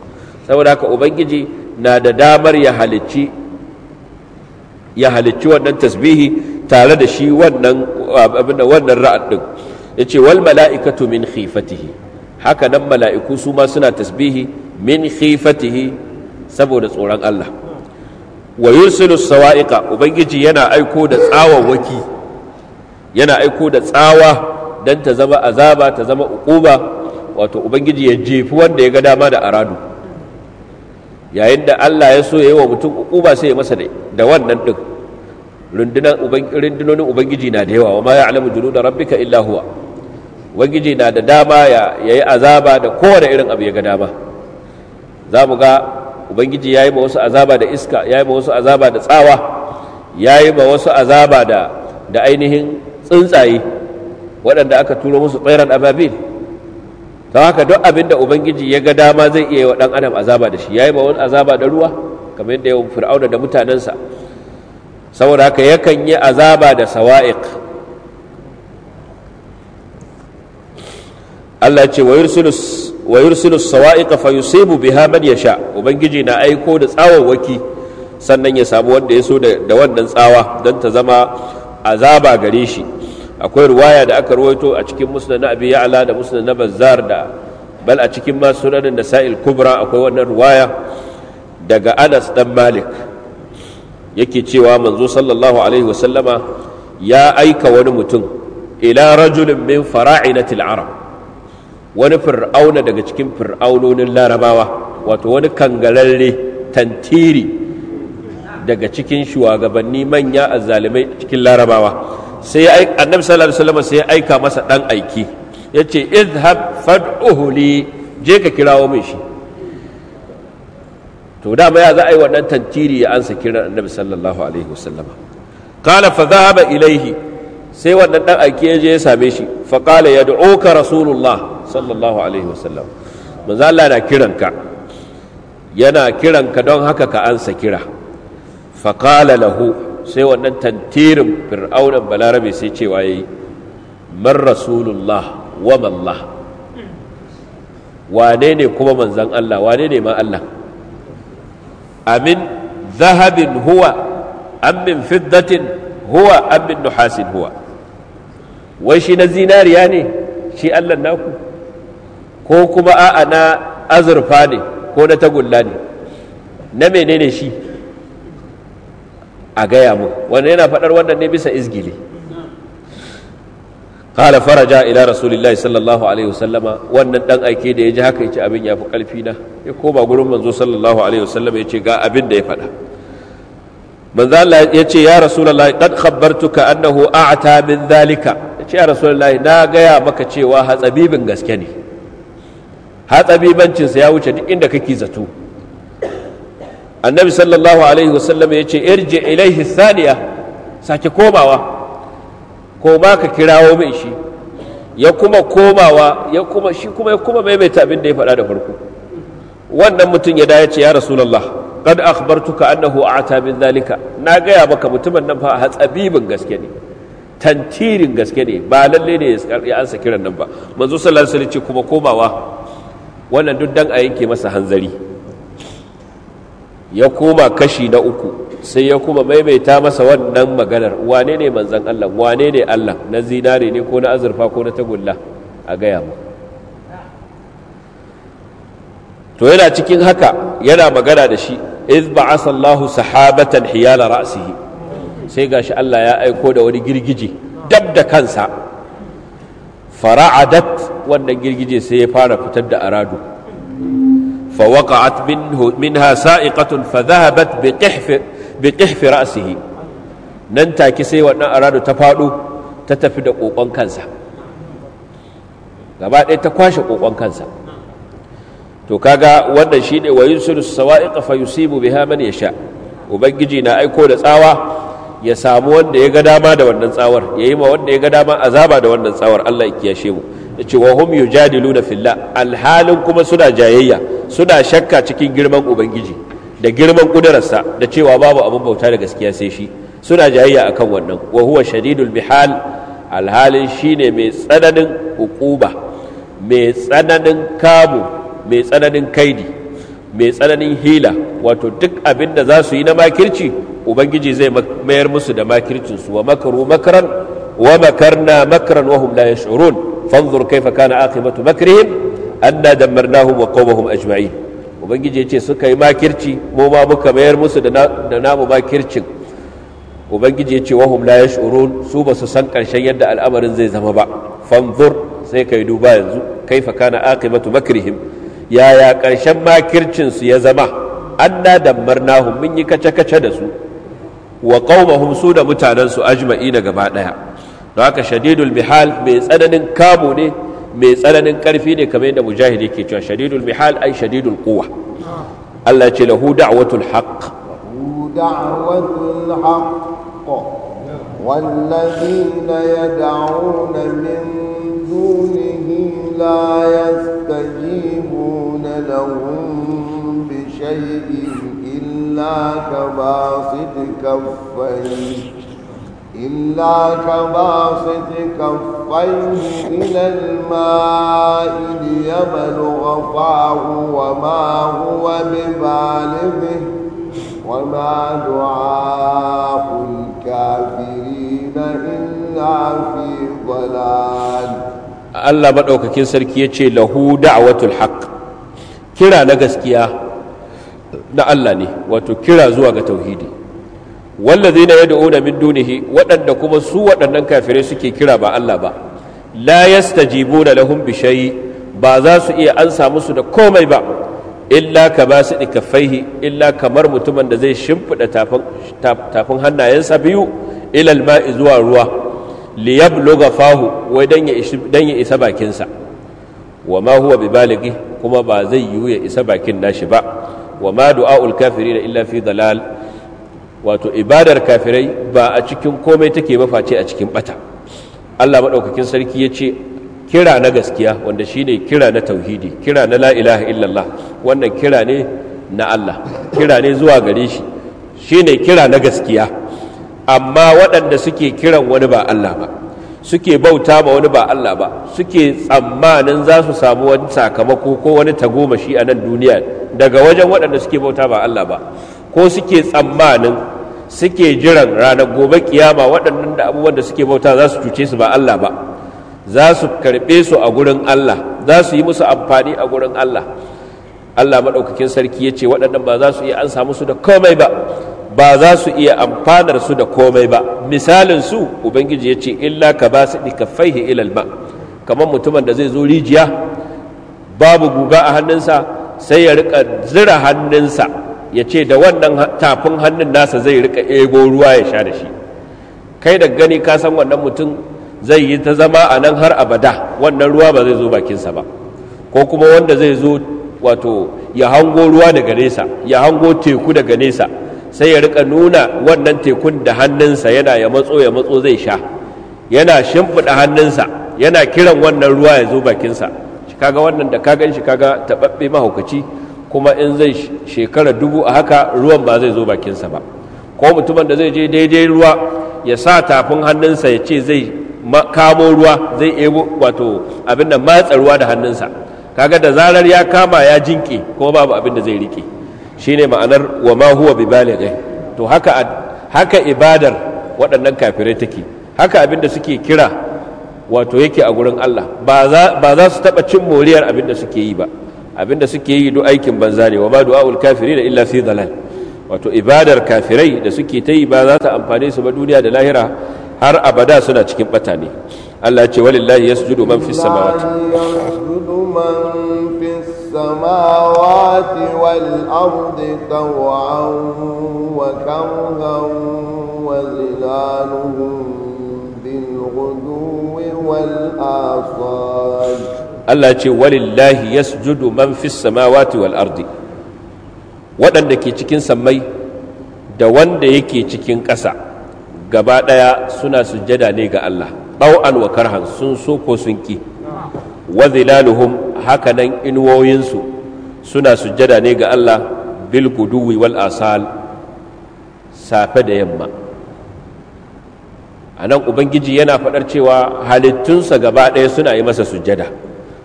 saboda haka ubangiji na da damar ya halicci ya halicci wannan tasbihi tare da shi wannan wannan ra'ad din yace wal mala'ikatu min khifatihi haka nan mala'iku su ma suna tasbihi min khifatihi saboda tsoron Allah wa yursilu sawa'iqa ubangiji yana aiko da tsawon waki yana aiko da tsawa don ta zama azaba ta zama ukuba wato ubangiji ya jefi wanda ya ga dama da aradu yayin da Allah ya so ya yi wa mutum ukuba sai ya masa da wannan ɗin rundunonin ubangiji na da yawa wa ma ya ya'lamu da rabbika illa huwa ubangiji na da dama ya yi azaba da kowane irin abu ya ga dama za mu ga ubangiji ya yi ma wasu azaba da iska ya yi ma wasu azaba da tsawa ya yi ma wasu azaba da ainihin tsuntsaye waɗanda aka turo musu tsairan ababil ta haka duk abin da ubangiji ya ga dama zai iya yi wa ɗan adam azaba da shi ya yi ba wani azaba da ruwa kamar yadda ya fir'auna da mutanensa saboda haka yakan yi azaba da sawa'iq Allah ce wa yursilu sawa'iq fa yusibu biha man yasha ubangiji na aiko da tsawon waki sannan ya samu wanda ya so da wannan tsawa don ta zama azaba gare shi akwai ruwaya da aka ruwaito a cikin musnad na abi da musnad na bazzar da bal a cikin masu sunanin nasa'il kubra akwai wannan ruwaya daga Anas dan Malik yake cewa manzo sallallahu alaihi wasallama ya aika wani mutum ila rajulin min fara'inatil arab wani fir'auna daga cikin fir'aunonin larabawa wato wani kangalalle tantiri daga cikin shugabanni manya a azzalimai cikin larabawa sai annabi sallallahu alaihi wasallam sai ya aika masa dan aiki yace idhab fad'uhu li je ka kirawo min shi to dama ya za a yi wannan tantiri ya ansa kiran annabi sallallahu alaihi wasallam qala fa dhahaba ilayhi sai wannan dan aiki ya je ya same shi fa qala yad'uka rasulullah sallallahu alaihi wasallam manzo Allah na kiranka yana kiranka don haka ka ansa kira faƙala lahu sai wannan tantirin fir'aunan balarabe sai cewa waye yi man rasulullah wa mallah wane ne kuma manzan Allah wane ne ma Allah amin zahabin huwa amin fiddatin huwa amin nuhasin huwa wai shi na zinariya ne shi Allah naku ko kuma a'a na azurfa ne ko na tagulla ne na menene shi a gaya mu wanda yana faɗar wannan ne bisa izgili qala faraja ila rasulillahi sallallahu alaihi wasallama wannan dan aike da ya ji haka yace abin ya fi karfi na ya koma gurin manzo sallallahu alaihi wasallama yace ga abin da ya faɗa manzo Allah yace ya rasulullahi qad khabartuka annahu a'ta min dhalika yace ya rasulullahi na gaya maka cewa hatsabibin gaske ne hatsabibancin sa ya wuce duk inda kake zato annabi sallallahu alaihi wasallam ya ce irji ilaihi thaniya sake komawa koma ka kirawo mai shi ya kuma komawa ya kuma shi kuma ya kuma maimaita abin da ya faɗa da farko wannan mutum ya dace ya rasulullah qad akhbartuka annahu ata min zalika na gaya maka mutumin nan fa hatsabibin gaske ne tantirin gaske ne ba lalle ne ya ansa kiran nan ba manzo sallallahu alaihi wasallam ce kuma komawa wannan duk dan a yanke masa hanzari ya koma kashi na uku sai ya kuma maimaita masa wannan maganar wane ne manzan Allah wane ne Allah na zinare ne ko na azurfa ko na tagulla a gaya mu to yana cikin haka yana magana da shi iz ba'asa Allahu sahabatan hiyala ra'sihi sai gashi Allah ya aiko da wani girgije dab da kansa fara'adat wannan girgije sai ya fara fitar da aradu فوقعت منه منها سائقة فذهبت بقحف بقحف رأسه ننتا كسي وانا أرادو تفادو تتفد قوقان كنسا gaba ɗaya ta kwashe ƙoƙon kansa to kaga wannan shine wa yunsilu sawa'iqa fa yusibu biha ubangiji na aiko da tsawa ya samu wanda ya ga dama da wannan tsawar yayi ma wanda ya ga dama azaba da wannan tsawar Allah ya kiyashe mu ce wa hum yujadiluna fillah alhalin kuma suna jayayya suna shakka cikin girman ubangiji da girman kudararsa da cewa babu abin bauta da gaskiya sai shi suna jayayya akan wannan wa huwa shadidul bihal alhalin shine mai tsananin hukuba mai tsananin kamu mai tsananin kaidi mai tsananin hila wato duk abin da za su yi na makirci ubangiji zai mayar musu da makircinsu wa makaru makaran wa makarna makaran hum la yash'urun fanzur kaifa kana aqibatu makrihim anna dammarnahum wa qawmahum ajma'in ubangiji yace suka yi makirci mu ma muka mayar musu da namu makircin ubangiji yace wahum la yash'urun su ba san karshen yadda al'amarin zai zama ba fanzur sai kai duba yanzu kaifa kana aqibatu makrihim yaya karshen makircinsu ya zama anna dammarnahum mun yi kace kace da su wa su da mutanensu ajma'i na gaba daya don haka shadidul mihal mai tsananin kamo ne mai tsananin karfi ne kamar yadda mujahid yake cewa shadidul mihal ai shadidul quwa Allah ce lahu da'watul haqq da'watul haqq والذين يدعون من دونه لا يستجيبون لهم بشيء إلا كباسط كفيه إلا كباسط كفيه إلى الماء ليبلغ فاه وما هو ببالغه وما دعاء الكافرين إلا في ضلال الله مدوكاكين سركي يجي له دعوة الحق كرا نغسكيا na Allah ne wato kira zuwa ga wallazina yad'una min dunihi waɗanda kuma su waɗannan kafirai suke kira ba Allah ba la yastajibuna da lahun bishayi ba za su iya ansa musu da komai ba illa ka basu dikafaihi illa kamar mutumin da zai shimfida tafin hannayensa biyu ilal ma'i zuwa ruwa liyabluga fahu wai dan ya isa bakinsa wa ma huwa kuma ba zai yiwu ya isa bakin nashi ba wa ma du'a'ul da illa fi dalal wato ibadar kafirai ba a cikin komai take ba face a cikin bata Allah maɗaukakin sarki ya ce kira na gaskiya wanda shine kira na tauhidi kira na la ilaha illallah wannan kira ne na Allah kira ne zuwa gare shi shine kira na gaskiya amma waɗanda suke kiran wani ba Allah ba suke bauta ba wani ba Allah ba suke tsammanin za su samu wani sakamako ko wani tagomashi a nan duniya daga wajen waɗanda suke bauta ba Allah ba ko suke tsammanin suke jiran ranar gobe kiyama waɗannan da abubuwan da suke bauta za su cuce su ba Allah ba za su karɓe su a gurin Allah za su yi musu amfani a gurin Allah Allah maɗaukakin sarki ya ce waɗannan ba za su iya an samu su da komai ba ba za su iya amfanar su da komai ba misalin su ubangiji ya ce illa ka ba su faihi ilal ba kamar mutumin da zai zo rijiya babu guga a hannunsa sai ya riƙa zira hannunsa ya ce da wannan tafin hannun nasa zai rika ego ruwa ya sha da shi kai da gani ka san wannan mutum zai yi ta zama a nan har abada wannan ruwa ba zai zo bakinsa ba ko kuma wanda zai zo wato ya hango ruwa daga nesa ya hango teku daga nesa sai ya rika nuna wannan tekun da hannunsa yana ya matso ya matso zai sha yana shimfiɗa hannunsa yana kiran wannan ruwa ya zo bakinsa shi kaga wannan da ka gan shi kaga taɓaɓɓe mahaukaci kuma in zai shekara dubu a haka ruwan ba zai zo bakinsa ba ko mutumin da zai je daidai ruwa ya sa tafin hannunsa ya ce zai kamo ruwa zai ebo wato abin da matsa ruwa da hannunsa kaga da zarar ya kama ya jinke ko babu abin da zai rike shine ma'anar wa ma huwa bi balighi to haka haka ibadar waɗannan kafirai take haka abin da suke kira wato yake a gurin Allah ba za su taɓa cin moriyar abin da suke yi ba abinda suke yi duk aikin banza ne wa ma du'a'ul kafirin illa fi dalal wato ibadar kafirai da suke ta yi ba za ta amfane su ba duniya da lahira har abada suna cikin bata ne Allah ce walillahi yasjudu man fis samawati yasjudu man fis samawati wal ardi taw'an wa karhan wa zilaluhum bil ghuduwi wal asal Allah ce walillahi yasjudu man fis samawati wal ardi waɗanda ke cikin sammai da wanda yake cikin ƙasa gaba ɗaya suna sujjada ne ga Allah ɗau'an wa karhan sun so ko sun ƙi wa zilaluhum hakanan inuwoyinsu suna sujjada ne ga Allah bil guduwi wal asal safe da yamma a nan ubangiji yana faɗar cewa halittunsa gaba ɗaya suna yi masa sujjada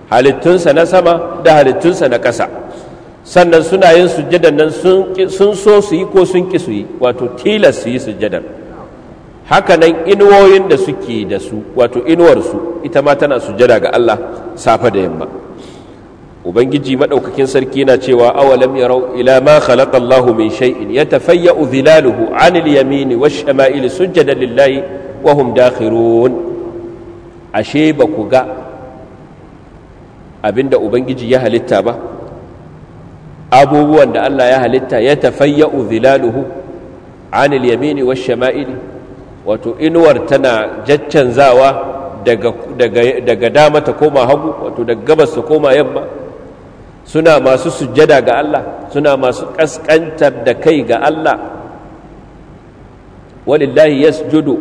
halittunsa na sama da halittunsa na ƙasa sannan suna yin sujjadan nan sun so su yi ko sun ƙi su yi wato tilas su yi sujjadan haka nan inuwoyin da suke da su wato inuwarsu ita ma tana sujjada ga Allah safe da yamma ubangiji madaukakin sarki na cewa awalam yarau ila ma khalaqa Allah min shay'in yatafayya'u dhilaluhu huanil yamini wash shama'il sujjada lillahi wa hum dakhirun ashe ba ku ga abinda ubangiji ya halitta ba abubuwan da Allah ya halitta ya tafayya'u zilaluhu anil yamini wash shama'ili wato inuwar tana jaccanzawa daga daga daga dama ta koma hagu wato daga gabas ta koma yamma suna masu sujjada ga Allah suna masu kaskantar da kai ga Allah walillahi yasjudu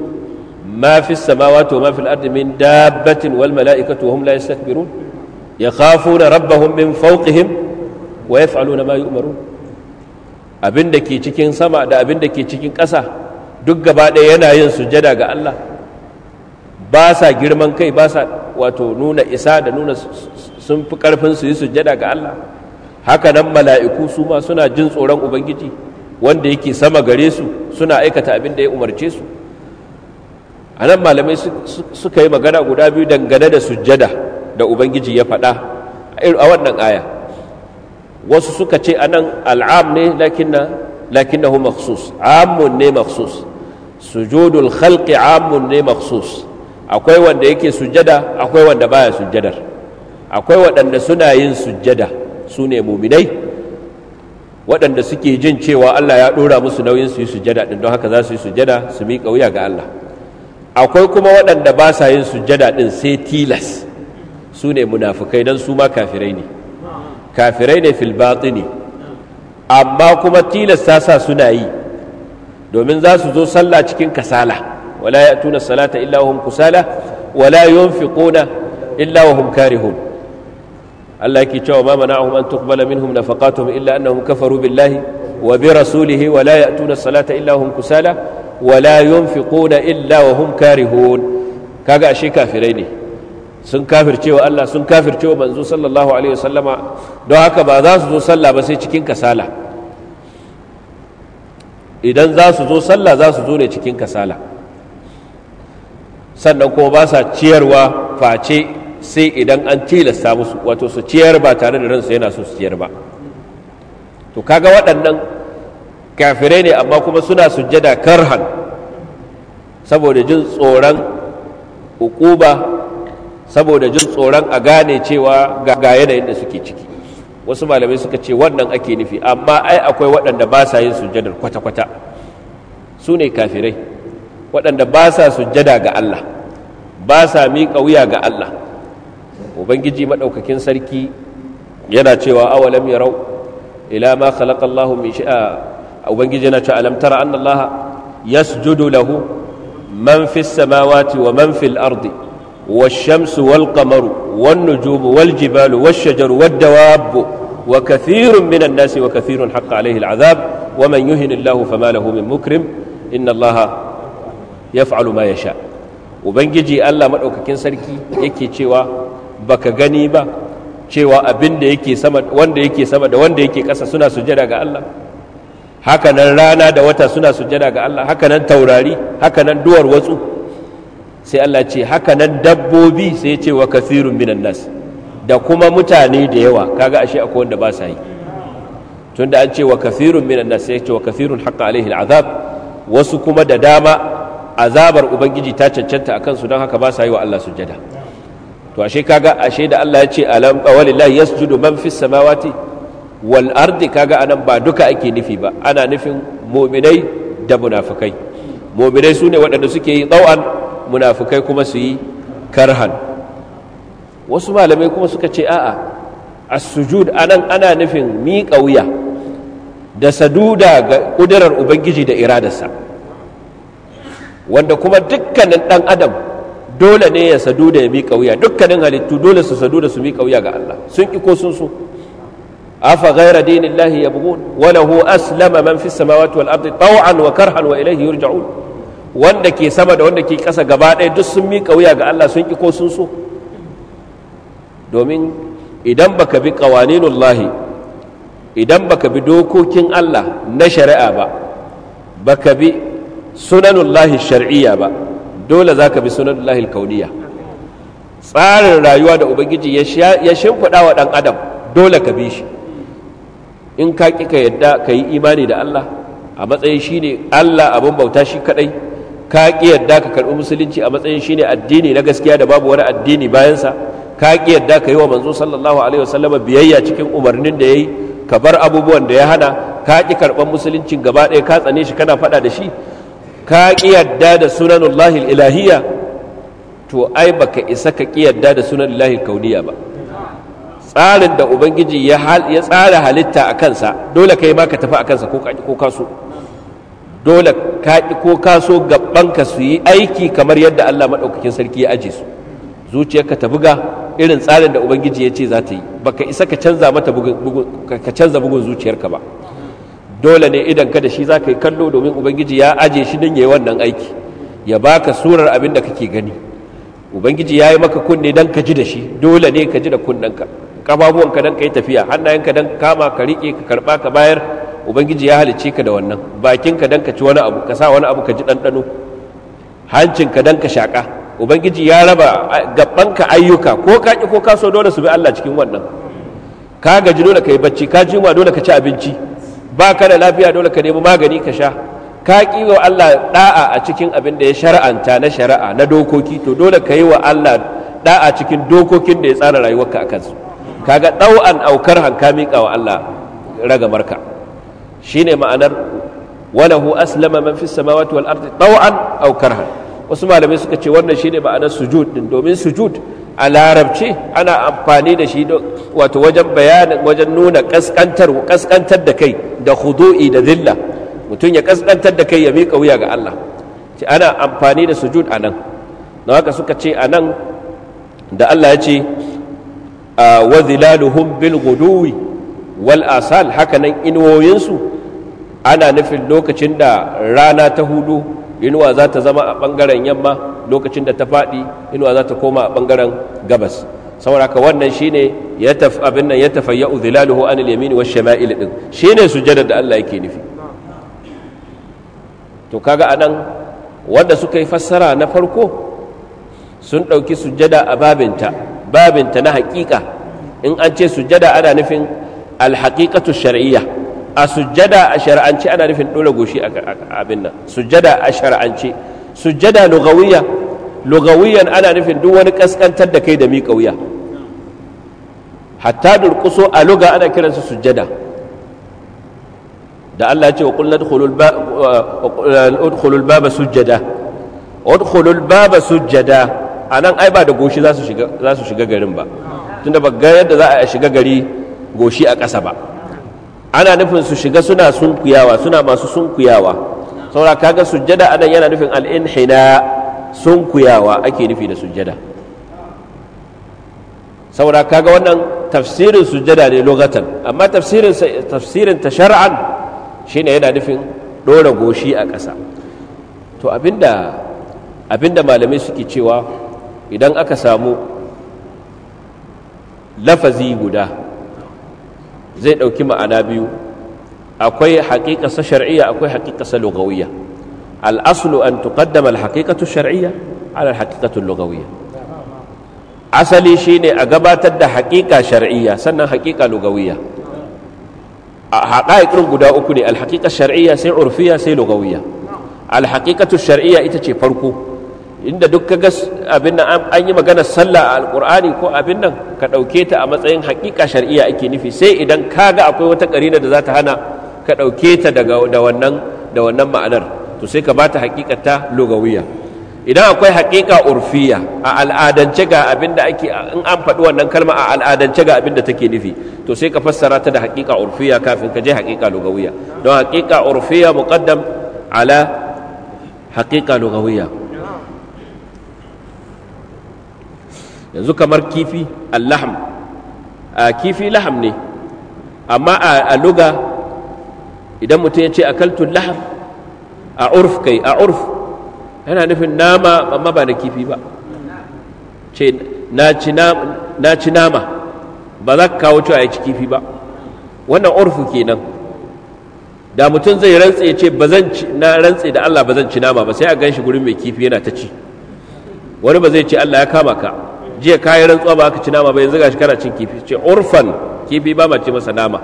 ma fis samawati wa ma fil ardi min dabbatin wal mala'ikatu hum la yastakbirun يخافون ربهم من فوقهم wa ما يؤمرون abin da ke cikin sama da abin da ke cikin ƙasa duk gaba ɗaya yana yin sujada ga Allah ba sa girman kai ba sa wato nuna isa da nuna sun fi ƙarfin su yi sujada ga Allah haka nan mala'iku su ma suna jin tsoron ubangiji wanda yake sama gare su suna aikata abin da ya umarce su a nan malamai suka yi magana guda biyu dangane da sujada da ubangiji ya faɗa a wannan aya wasu suka ce anan al'am ne hu maksus amun ne maksus sujudul khalqi amun ne maksus akwai wanda yake sujada akwai wanda baya sujadar akwai waɗanda suna yin sujada su ne muminai waɗanda suke jin cewa Allah ya ɗora musu nauyin su yi sujada ɗin don haka za su yi sujada su miƙa wuya ga Allah akwai kuma waɗanda ba sa yin sujada ɗin sai tilas su ne munafukai don su ma kafirai ne kafirai ne fil ne amma kuma tilasta sa suna yi domin za su zo sallah cikin kasala wala tuna salata illa hum kusala wala yunfiquna illa hum karihun Allah yake cewa ma mana'ahum an tuqbala minhum nafaqatuhum illa annahum kafaru billahi wa bi rasulihi wala tuna salata illa hum kusala wala yunfiquna illa hum karihun kaga ashe kafirai ne sun kafircewa Allah sun kafircewa manzo sallallahu alaihi wasallama don haka ba za su zo sallah ba sai cikin kasala idan za su zo sallah za su zo ne cikin kasala sannan kuma ba sa ciyarwa face sai idan an tilasta musu wato su ciyar ba tare da ransu yana so su ciyar ba to kaga waɗannan kafirai ne amma kuma suna sujjada karhan saboda jin tsoron ukuba saboda jin tsoron a gane cewa ga yanayin da suke ciki wasu malamai suka ce wannan ake nufi amma ai akwai waɗanda ba sa yin sujjadar kwata-kwata su ne kafirai waɗanda ba sa sujjada ga Allah ba sa miƙa wuya ga Allah ubangiji maɗaukakin sarki yana cewa awalam ya rau ila ma khalaqa Allahu min sha'a ubangiji yana cewa alam tara anna Allah yasjudu lahu man fis samawati wa man fil ardi والشمس والقمر والنجوم والجبال والشجر والدواب وكثير من الناس وكثير حق عليه العذاب ومن يهن الله فما له من مكرم إن الله يفعل ما يشاء وبنجي الله مدوكاكين سركي yake cewa baka gani ba cewa abin da yake sama wanda yake sama da wanda yake kasa suna sujada ga Allah haka rana da wata suna sujada ga Allah hakanan taurari hakanan duwar watsu sai Allah ce haka nan dabbobi sai ce wa kasirun minan nas da kuma mutane da yawa kaga ashe akwai wanda ba sa yi tunda an ce wa kasirun minan nas sai ce wa kasirun haqqa alaihi al'azab wasu kuma da dama azabar ubangiji ta cancanta akan su don haka ba sa yi wa Allah sujada to ashe kaga ashe da Allah ya ce alam walillahi yasjudu man fis samawati wal ardi kaga anan ba duka ake nufi ba ana nufin mu'minai da munafikai mu'minai sune waɗanda suke yi tsawon munafukai kuma su yi karhan wasu malamai kuma suka ce a'a a sujud anan ana nufin miƙa wuya da saduda ga ƙudurar ubangiji da iradarsa wanda kuma dukkanin ɗan adam dole ne ya saduda ya miƙa wuya dukkanin halittu dole su saduda su miƙa wuya ga Allah sun ƙi ko sun so afa ghaira ya yabghun wa lahu aslama man fis samawati wal ardi taw'an wa karhan wa ilayhi yurja'un wanda ke sama da wanda ke ƙasa gaba ɗaya duk sun miƙa wuya ga Allah sun ƙi ko sun so domin idan baka bi ƙawaninullahi idan baka bi dokokin Allah na shari'a ba baka bi sunanullahi shari'iyya ba dole za ka bi sunanullahi kauniya tsarin rayuwa da ubangiji ya shimfiɗa wa ɗan adam dole ka bi shi in ka ƙi ka yadda ka yi imani da Allah a matsayin shi ne Allah abin bauta shi kaɗai ka ƙi yadda ka karɓi musulunci a matsayin shine addini na gaskiya da babu wani addini bayansa ka ƙi yadda ka yi wa manzo sallallahu alaihi wasallam biyayya cikin umarnin da yayi ka bar abubuwan da ya hana ka ƙi karɓar musulunci gaba ɗaya ka tsane shi kana faɗa da shi ka ƙi yadda da sunanullahi ilahiyya to ai baka isa ka ƙi yadda da sunanullahi kauniya ba tsarin da ubangiji ya tsara halitta a kansa dole kai ma ka tafi a kansa ko ka so dole ka ko ka so gabanka su yi aiki kamar yadda Allah maɗaukakin sarki ya aje su zuciyarka ta buga irin tsarin da ubangiji ya ce za ta yi baka isa ka canza ka canza bugun zuciyarka ba dole ne idan ka da shi za ka yi kallo domin ubangiji ya aje shi don ya yi wannan aiki ya baka surar abin da kake gani ubangiji ya yi maka kunne don ka ji da shi dole ne ka ji da kunnenka ka don ka yi tafiya hannayenka don kama ka riƙe ka karɓa ka bayar ubangiji ya halicce ka da wannan bakinka dan ka ci wani abu ka sa wani abu ka ji ɗanɗano hancinka dan ka shaƙa ubangiji ya raba gabanka ayyuka ko ka ko ka so dole su bi Allah cikin wannan ka gaji dole ka yi bacci ka ji ma dole ka ci abinci ba ka da lafiya dole ka nemi magani ka sha ka wa Allah da'a a cikin abin da ya shar'anta na shari'a na dokoki to dole ka yi wa Allah da'a cikin dokokin da ya tsara rayuwarka akan su kaga ɗau'an aukar hanka miƙa wa Allah ragamarka shine ma'anar walahu aslama man fis samawati wal ardi taw'an aw wasu malamai suka ce wannan shine ma'anar sujud din domin sujud a larabci ana amfani da shi wato wajen bayanin wajen nuna kaskantar kaskantar da kai da khudu'i da zilla mutum ya kaskantar da kai ya miƙa wuya ga Allah ce ana amfani da sujud a nan don haka suka ce a nan da Allah ya ce wa zilaluhum bil ghuduwi wal asal hakanan inuwoyinsu ana nufin lokacin da rana ta hudu inuwa za ta zama a bangaren yamma lokacin da ta faɗi inuwa za ta koma a ɓangaren gabas saboda wannan shine ya taf abin nan ya tafayya ho an al-yamin wa shama'il din shine sujada da Allah yake nufi to kaga anan wanda suka yi fassara na farko sun ɗauki sujada a babinta babinta na hakika in an ce sujada ana nufin Alhaƙiƙatu shar'iyya a sujjada a shar'anci ana nufin dole goshi a abin nan sujjada a shar'anci sujjada lugawiyya lugawiyan ana nufin duk wani kaskantar da kai da miƙa wuya hatta durƙuso a luga ana kiransa sujjada da Allah ce wa kullad udkhulul baba sujjada udkhulul baba sujjada anan ai ba da goshi za su shiga garin ba tunda ba ga yadda za a shiga gari goshi a ƙasa ba ana nufin su shiga suna sunkuyawa suna masu sunkuyawa saura kaga sujjada a nan yana nufin al'inhina sunkuyawa ake nufi da sujjada saura kaga wannan tafsirin sujjada ne logatan amma tafsirin tafsirin ta shar'an shine yana nufin ɗora goshi a ƙasa to abinda abinda malamai suke cewa idan aka samu lafazi guda zai ɗauki ma'ana biyu akwai haƙiƙasa shar'iyya akwai haƙiƙasa lugawiyya al'aslu an tuqaddama al-haqiqatu shar'iyya ala al-haqiqatu lugawiyya asali shine a gabatar da haƙiƙa shar'iyya sannan haƙiƙa lugawiyya a haƙa'iƙin guda uku ne al-haqiqa shar'iyya sai urfiyya sai lugawiyya al-haqiqatu shar'iyya ita ce farko inda duk ga abin nan an yi magana sallah a alkur'ani ko abin nan ka ɗauke ta a matsayin haƙiƙa shari'a ake nufi sai idan ka ga akwai wata ƙarina da za ta hana ka ɗauke ta daga da wannan da wannan ma'anar to sai ka bata haƙiƙar ta lugawiya idan akwai haƙiƙa urfiya a al'adance ga abin da ake in an faɗi wannan kalma a al'adance ga abin da take nufi to sai ka fassara ta da haƙiƙa urfiya kafin ka je haƙiƙa lugawiya don haƙiƙa urfiya muqaddam ala haƙiƙa lugawiya yanzu kamar kifi allaham a kifi laham ne amma a luga idan mutum ya ce a kaltun laham a urf kai a urf yana nufin nama amma ba na kifi ba ce na ci nama ba za ka kawo cewa ya ci kifi ba wannan urfu kenan da mutum zai rantse ya ce na rantse da Allah ba zan ci nama ba sai a gan shi gurin mai kifi yana ta ci wani ba zai ce Allah ya kama ka jiya kayi rantsuwa ba aka ci nama ba yanzu gashi kana cin kifi ce urfan kifi ba ma ce masa nama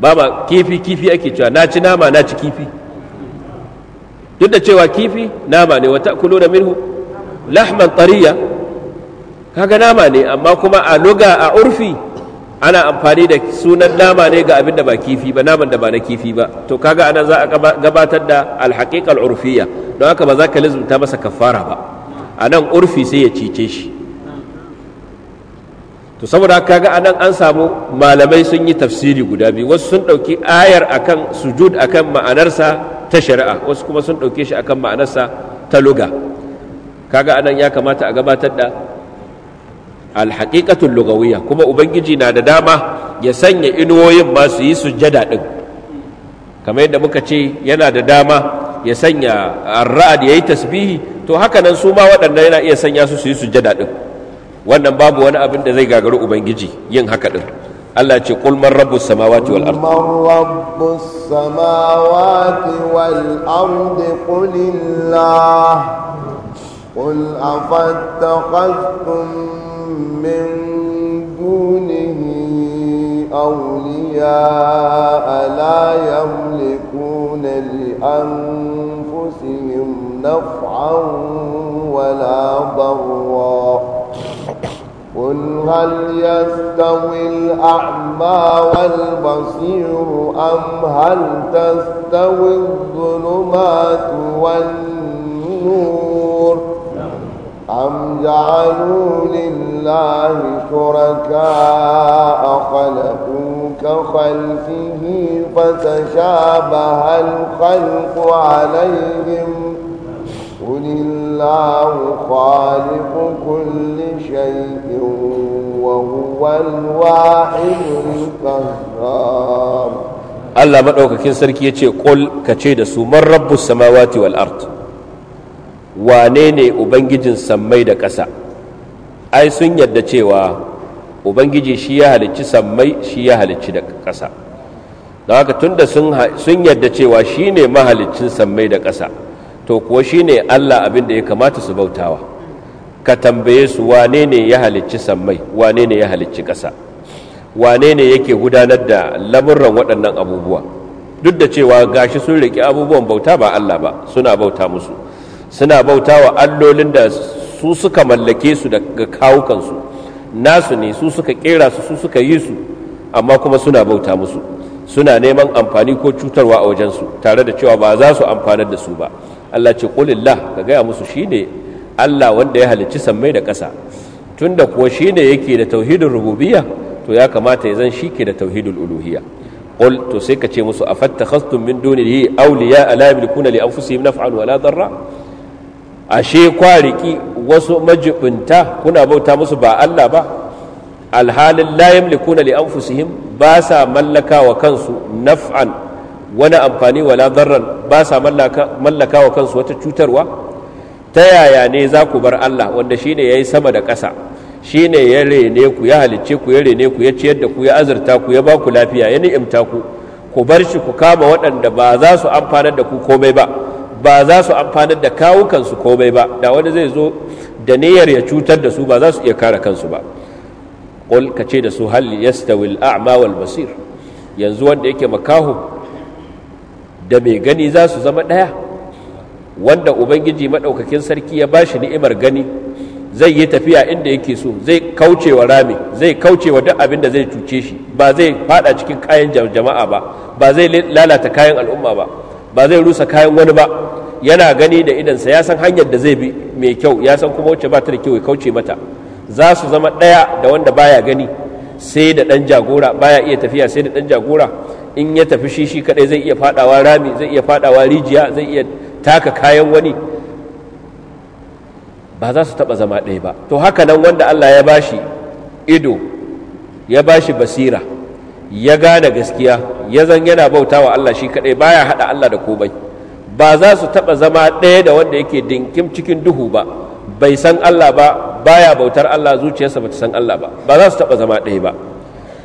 ba ma kifi kifi ake cewa na ci nama na ci kifi duk da cewa kifi nama ne wata kulo da minhu lahman tariya kaga nama ne amma kuma a luga a urfi ana amfani da sunan nama ne ga abin da ba kifi ba naman da ba na kifi ba to kaga ana za a gabatar da alhaqiqa urfiya don haka ba za ka lizumta masa kafara ba a nan urfi sai ya cice shi to saboda kaga a nan an samu malamai sun yi tafsiri guda biyu wasu sun ɗauki ayar akan sujud akan ma'anarsa ta shari'a wasu kuma sun ɗauke shi akan ma'anarsa ta luga kaga a nan ya kamata a gabatar da alhaƙiƙatun lugawiya kuma ubangiji na da dama ya sanya inuwoyin masu yi sujada ɗin kamar yadda muka ce yana da dama ya sanya ar-ra'd yayi tasbihi to haka nan su ma waɗannan yana iya sanya su su yi sujada din wannan babu wani abin da zai gagari ubangiji yin haka din Allah ce qul man rabbus samawati wal ardi man rabbus samawati wal ardi qulillah qul afattaqtum min dunihi awliya ala yamliku يملكون لأنفسهم نفعا ولا ضرا قل هل يستوي الأعمى والبصير أم هل تستوي الظلمات والنور أم جعلوا لله شركاء خلقوا كخلفه فتشابه الخلق عليهم قل الله خالق كل شيء وهو الواحد القهار Allah maɗaukakin sarki ya ce ƙul ka ce da su man rabbus samawati wal ard wane ne ubangijin sammai da ƙasa ai sun yadda cewa ubangiji shi ya halicci sammai shi ya halicci da ƙasa da haka tunda sun yadda cewa shi ne mahaliccin sammai da ƙasa to kuwa shi ne allah abin da ya kamata su bautawa ka tambaye su wane ne ya halicci sammai wane ne ya halicci ƙasa wane ne yake gudanar da lamurran waɗannan abubuwa duk da cewa gashi sun riƙe abubuwan bauta ba allah ba suna bauta musu suna bauta wa allolin da su suka mallake su daga kawukansu nasu ne su suka kera su su suka yi su amma kuma suna bauta musu suna neman amfani ko cutarwa a wajensu tare da cewa ba za su amfanar da su ba Allah ce qulillah ka gaya musu shine Allah wanda ya halicci sammai da ƙasa tunda kuwa shine yake da tauhidin rububiyya to ya kamata ya zan shi ke da tauhidul uluhiyya qul to sai ka ce musu afattakhastum min dunihi awliya la yamlikuna li anfusihim naf'an wala darra ashe kwariki wasu majibinta kuna bauta musu ba Allah ba alhalin la yamlikuna li anfusihim ba sa mallaka wa kansu naf'an wani amfani wala darran ba sa mallaka wa kansu wata cutarwa ta yaya ne za ku bar Allah wanda shine yayi sama da ƙasa shine ya rene ku ya halicce ku ya rene ku ya ciyar da ku ya azurta ku ya ba ku lafiya ya ni'imta ku ku bar shi ku kama waɗanda ba za su amfanar da ku komai ba ba za su amfanar da kawukansu komai ba da wani zai zo da niyyar ya cutar da su ba za su iya kare kansu ba ƙul ka ce da su hal yastawil a'ma wal basir yanzu wanda yake makaho da mai gani za su zama ɗaya wanda ubangiji maɗaukakin sarki ya ba shi ni'imar gani zai yi tafiya inda yake so zai kauce wa rami zai kauce wa duk abin da zai cuce shi ba zai fada cikin kayan jama'a ba ba zai lalata kayan al'umma ba ba zai rusa kayan wani ba yana gani da idansa ya san hanyar da zai bi mai kyau ya san kuma wacce ba ta da kyau ya kauce mata za su zama ɗaya da wanda baya gani sai da ɗan jagora baya iya tafiya sai da ɗan jagora in ya tafi shi shi kaɗai zai iya faɗawa rami zai iya faɗawa rijiya zai iya taka kayan wani ba za su taɓa zama ɗaya ba to haka nan wanda allah ya bashi ido ya bashi basira ya gane gaskiya ya zan yana bauta wa Allah shi kadai baya haɗa Allah da komai ba za su taba zama ɗaya da wanda yake dinkim cikin duhu ba bai san Allah ba baya bautar Allah zuciyarsa ba ta san Allah ba ba za su taba zama ɗaya ba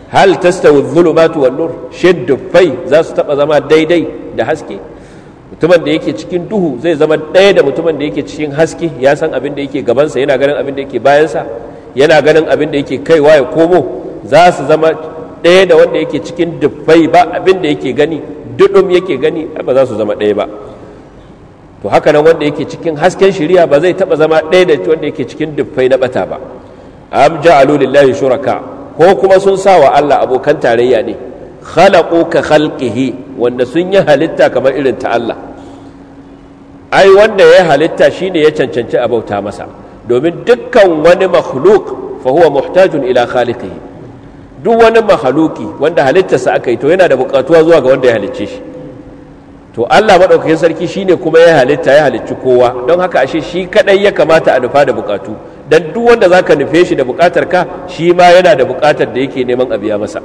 hal tastawi dhulumatu wan nur shiddufai za su taba zama daidai da haske mutumin da yake cikin duhu zai zama ɗaya da mutumin da yake cikin haske ya san abin da yake gabansa yana ganin abin da yake bayansa yana ganin abin da yake kaiwa ya komo za su zama ɗaya da wanda yake cikin dubbai ba abin da yake gani dudum yake gani ba za su zama ɗaya ba to haka nan wanda yake cikin hasken shari'a ba zai taba zama ɗaya da wanda yake cikin dubbai na bata ba am ja'alu lillahi shuraka ko kuma sun sa wa Allah abokan tarayya ne khalaqu ka khalqihi wanda sun yi halitta kamar irin ta Allah ai wanda ya halitta shine ya cancanci abauta masa domin dukkan wani makhluk fa huwa muhtajun ila khaliqihi duk wani mahaluki wanda halittarsa aka yi to yana da bukatuwa zuwa ga wanda ya halicce shi to Allah maɗaukakin sarki shine kuma ya halitta ya halicci kowa don haka ashe shi kadai ya kamata a nufa da bukatu dan duk wanda zaka nufe shi da bukatar ka shi ma yana da bukatar da yake neman a biya masa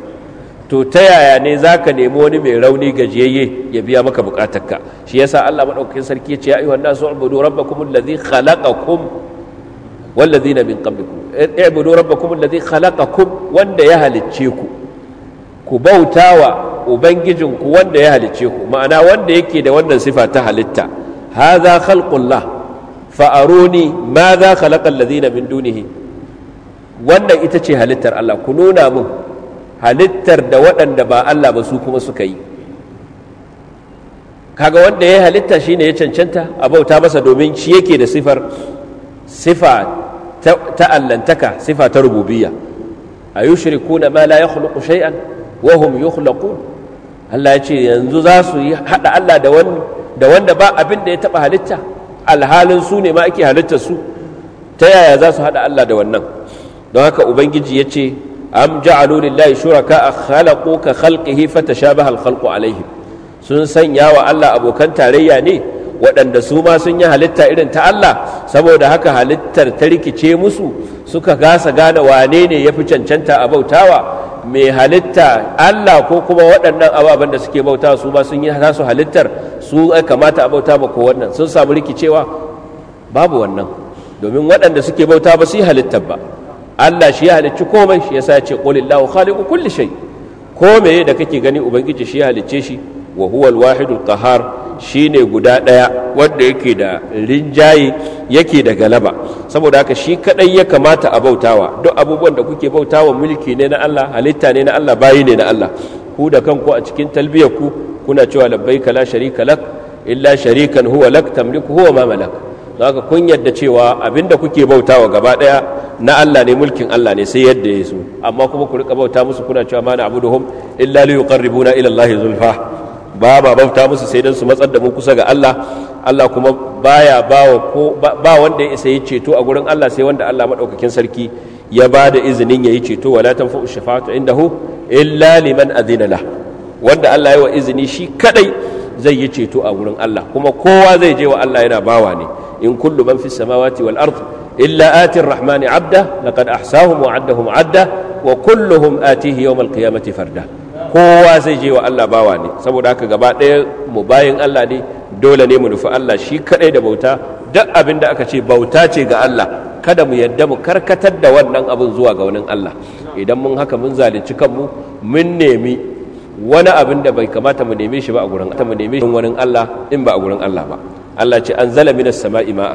to ta yaya ne zaka nemi wani mai rauni gajiyayye ya biya maka bukatar ka shi yasa Allah maɗaukakin sarki ya ce ya ayyuhan nasu ubudu rabbakum alladhi khalaqakum wallazina min qablikum i'budu rabbakum alladhi khalaqakum wanda ya halicce ku ku bautawa ubangijinku wanda ya halicce ku ma'ana wanda yake da wannan sifa ta halitta hadha khalqullah fa aruni madha khalaqa alladhina min dunihi wannan ita ce halittar Allah ku nuna mun halittar da waɗanda ba Allah ba su kuma suka yi kaga wanda ya halitta shine ya cancanta a bauta masa domin shi yake da sifar sifa ta allantaka sifa ta rububiyya a yushrikuna ma la yakhluqu shay'an wa hum yukhlaqun Allah ya ce yanzu za su yi Allah da wani da wanda ba abin da ya taɓa halitta alhalin su ne ma ake halittar su ta yaya za su haɗa Allah da wannan don haka ubangiji ya ce am ja'alu lillahi shuraka khalaqu ka khalqihi fatashabaha al-khalqu alaihim sun sanya wa Allah abokan tarayya ne waɗanda su ma sun yi halitta irin ta Allah saboda haka halittar ta rikice musu suka gasa gane wane ne ya fi cancanta a bautawa mai halitta Allah ko kuma waɗannan ababen da suke bauta su ma sun yi nasu halittar su kamata a bauta ba ko wannan sun samu rikicewa babu wannan domin waɗanda suke bauta ba su yi halittar ba Allah shi ya halicci komai shi yasa ya ce qulillahu khaliqu kulli shay ko meye da kake gani ubangiji shi ya halicce shi wa huwa al-wahidul qahhar ne guda ɗaya wanda yake da rinjaye yake da galaba saboda haka shi kadai ya kamata a bautawa duk abubuwan da kuke bautawa mulki ne na Allah halitta ne na Allah bayi ne na Allah ku da kanku a cikin talbiyar ku kuna cewa labbaika la sharika lak illa sharikan huwa lak tamliku huwa ma malak haka kun yadda cewa abinda kuke bautawa gaba daya na Allah ne mulkin Allah ne sai yadda ya so amma kuma ku rika bauta musu kuna cewa ma na abuduhum illa li yuqarribuna ila Allah zulfa ba ma musu sai dan su matsar da mu kusa ga Allah Allah kuma baya bawa ko ba wanda ya isa yi ceto a gurin Allah sai wanda Allah madaukakin sarki ya ba da izinin yayi ceto wala tanfa'u shafa'atu indahu illa liman adhina lah wanda Allah ya wa izini shi kadai zai yi ceto a gurin Allah kuma kowa zai je wa Allah yana bawa ne in kullu man fis samawati wal ard illa ati rahmani abda laqad ahsahum wa addahum adda wa kulluhum atihi yawm al qiyamati farda kowa zai je wa Allah bawa ne saboda haka gaba ɗaya mu bayan Allah ne dole ne mu nufi Allah shi kaɗai da bauta duk abin da aka ce bauta ce ga Allah kada mu yadda mu karkatar da wannan abin zuwa ga wani Allah idan mun haka mun zalunci kanmu mun nemi wani abin da bai kamata mu neme shi ba a gurin mu neme shi wani Allah in ba a gurin Allah ba Allah ce zala minas sama'i ma'a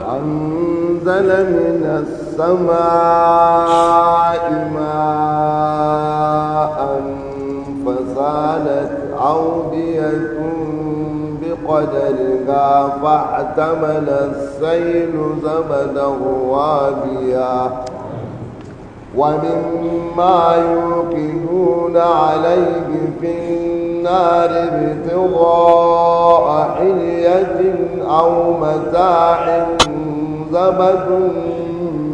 minas sama'i ma'a كانت أودية بقدرها فاحتمل السيل زبدا وابيا ومما يوقدون عليه في النار ابتغاء حلية أو متاع زبد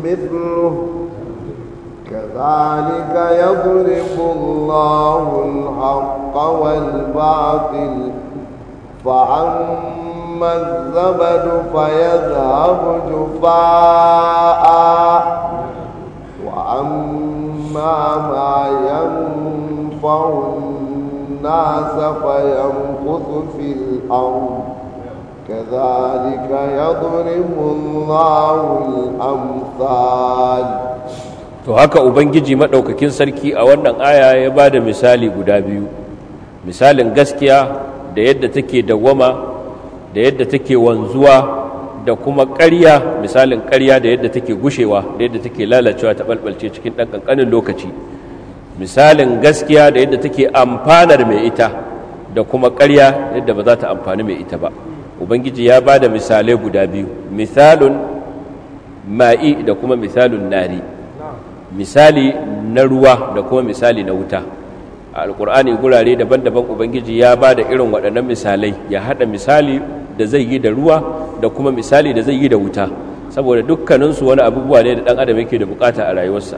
مثله كذلك يضرب الله الحق والباطل فأما الزبد فيذهب جفاء وأما ما ينفع الناس فينقص في الأرض كذلك يضرب الله الأمثال to haka ubangiji maɗaukakin sarki a wannan aya ya ba da misali guda biyu misalin gaskiya da yadda take dawwama da yadda take wanzuwa da kuma ƙarya misalin ƙarya da yadda take gushewa da yadda take lalacewa ta ɓalɓalce cikin ɗan ƙanƙanin lokaci misalin gaskiya da yadda take amfanar mai ita da kuma ƙarya yadda ba za ta amfani mai ita ba ubangiji ya ba da misalai guda biyu misalin ma'i da kuma misalin nari misali na ruwa da kuma misali na wuta a alkur'ani gurare daban-daban ubangiji ya ba da irin waɗannan misalai ya haɗa misali da zai yi da ruwa da kuma misali da zai yi da wuta saboda dukkaninsu wani abubuwa ne da ɗan adam yake da bukata a rayuwarsa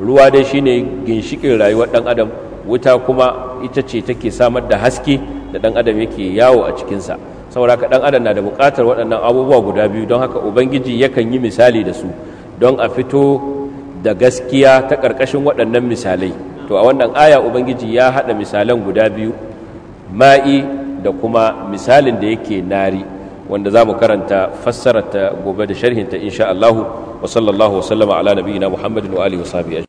ruwa dai shine ginshikin rayuwar ɗan adam wuta kuma ita ce take samar da haske da ɗan adam yake yawo a cikinsa saboda ka ɗan adam na da bukatar waɗannan abubuwa guda biyu don haka ubangiji yakan yi misali da su don a fito da gaskiya ta ƙarƙashin waɗannan misalai to a wannan aya ubangiji ya haɗa misalan guda biyu ma'i da kuma misalin da yake nari wanda za mu karanta ta gobe da sharhinta insha Allah wa sallallahu wa sallama ala nabiyina Muhammadin wa alihi wa sahbihi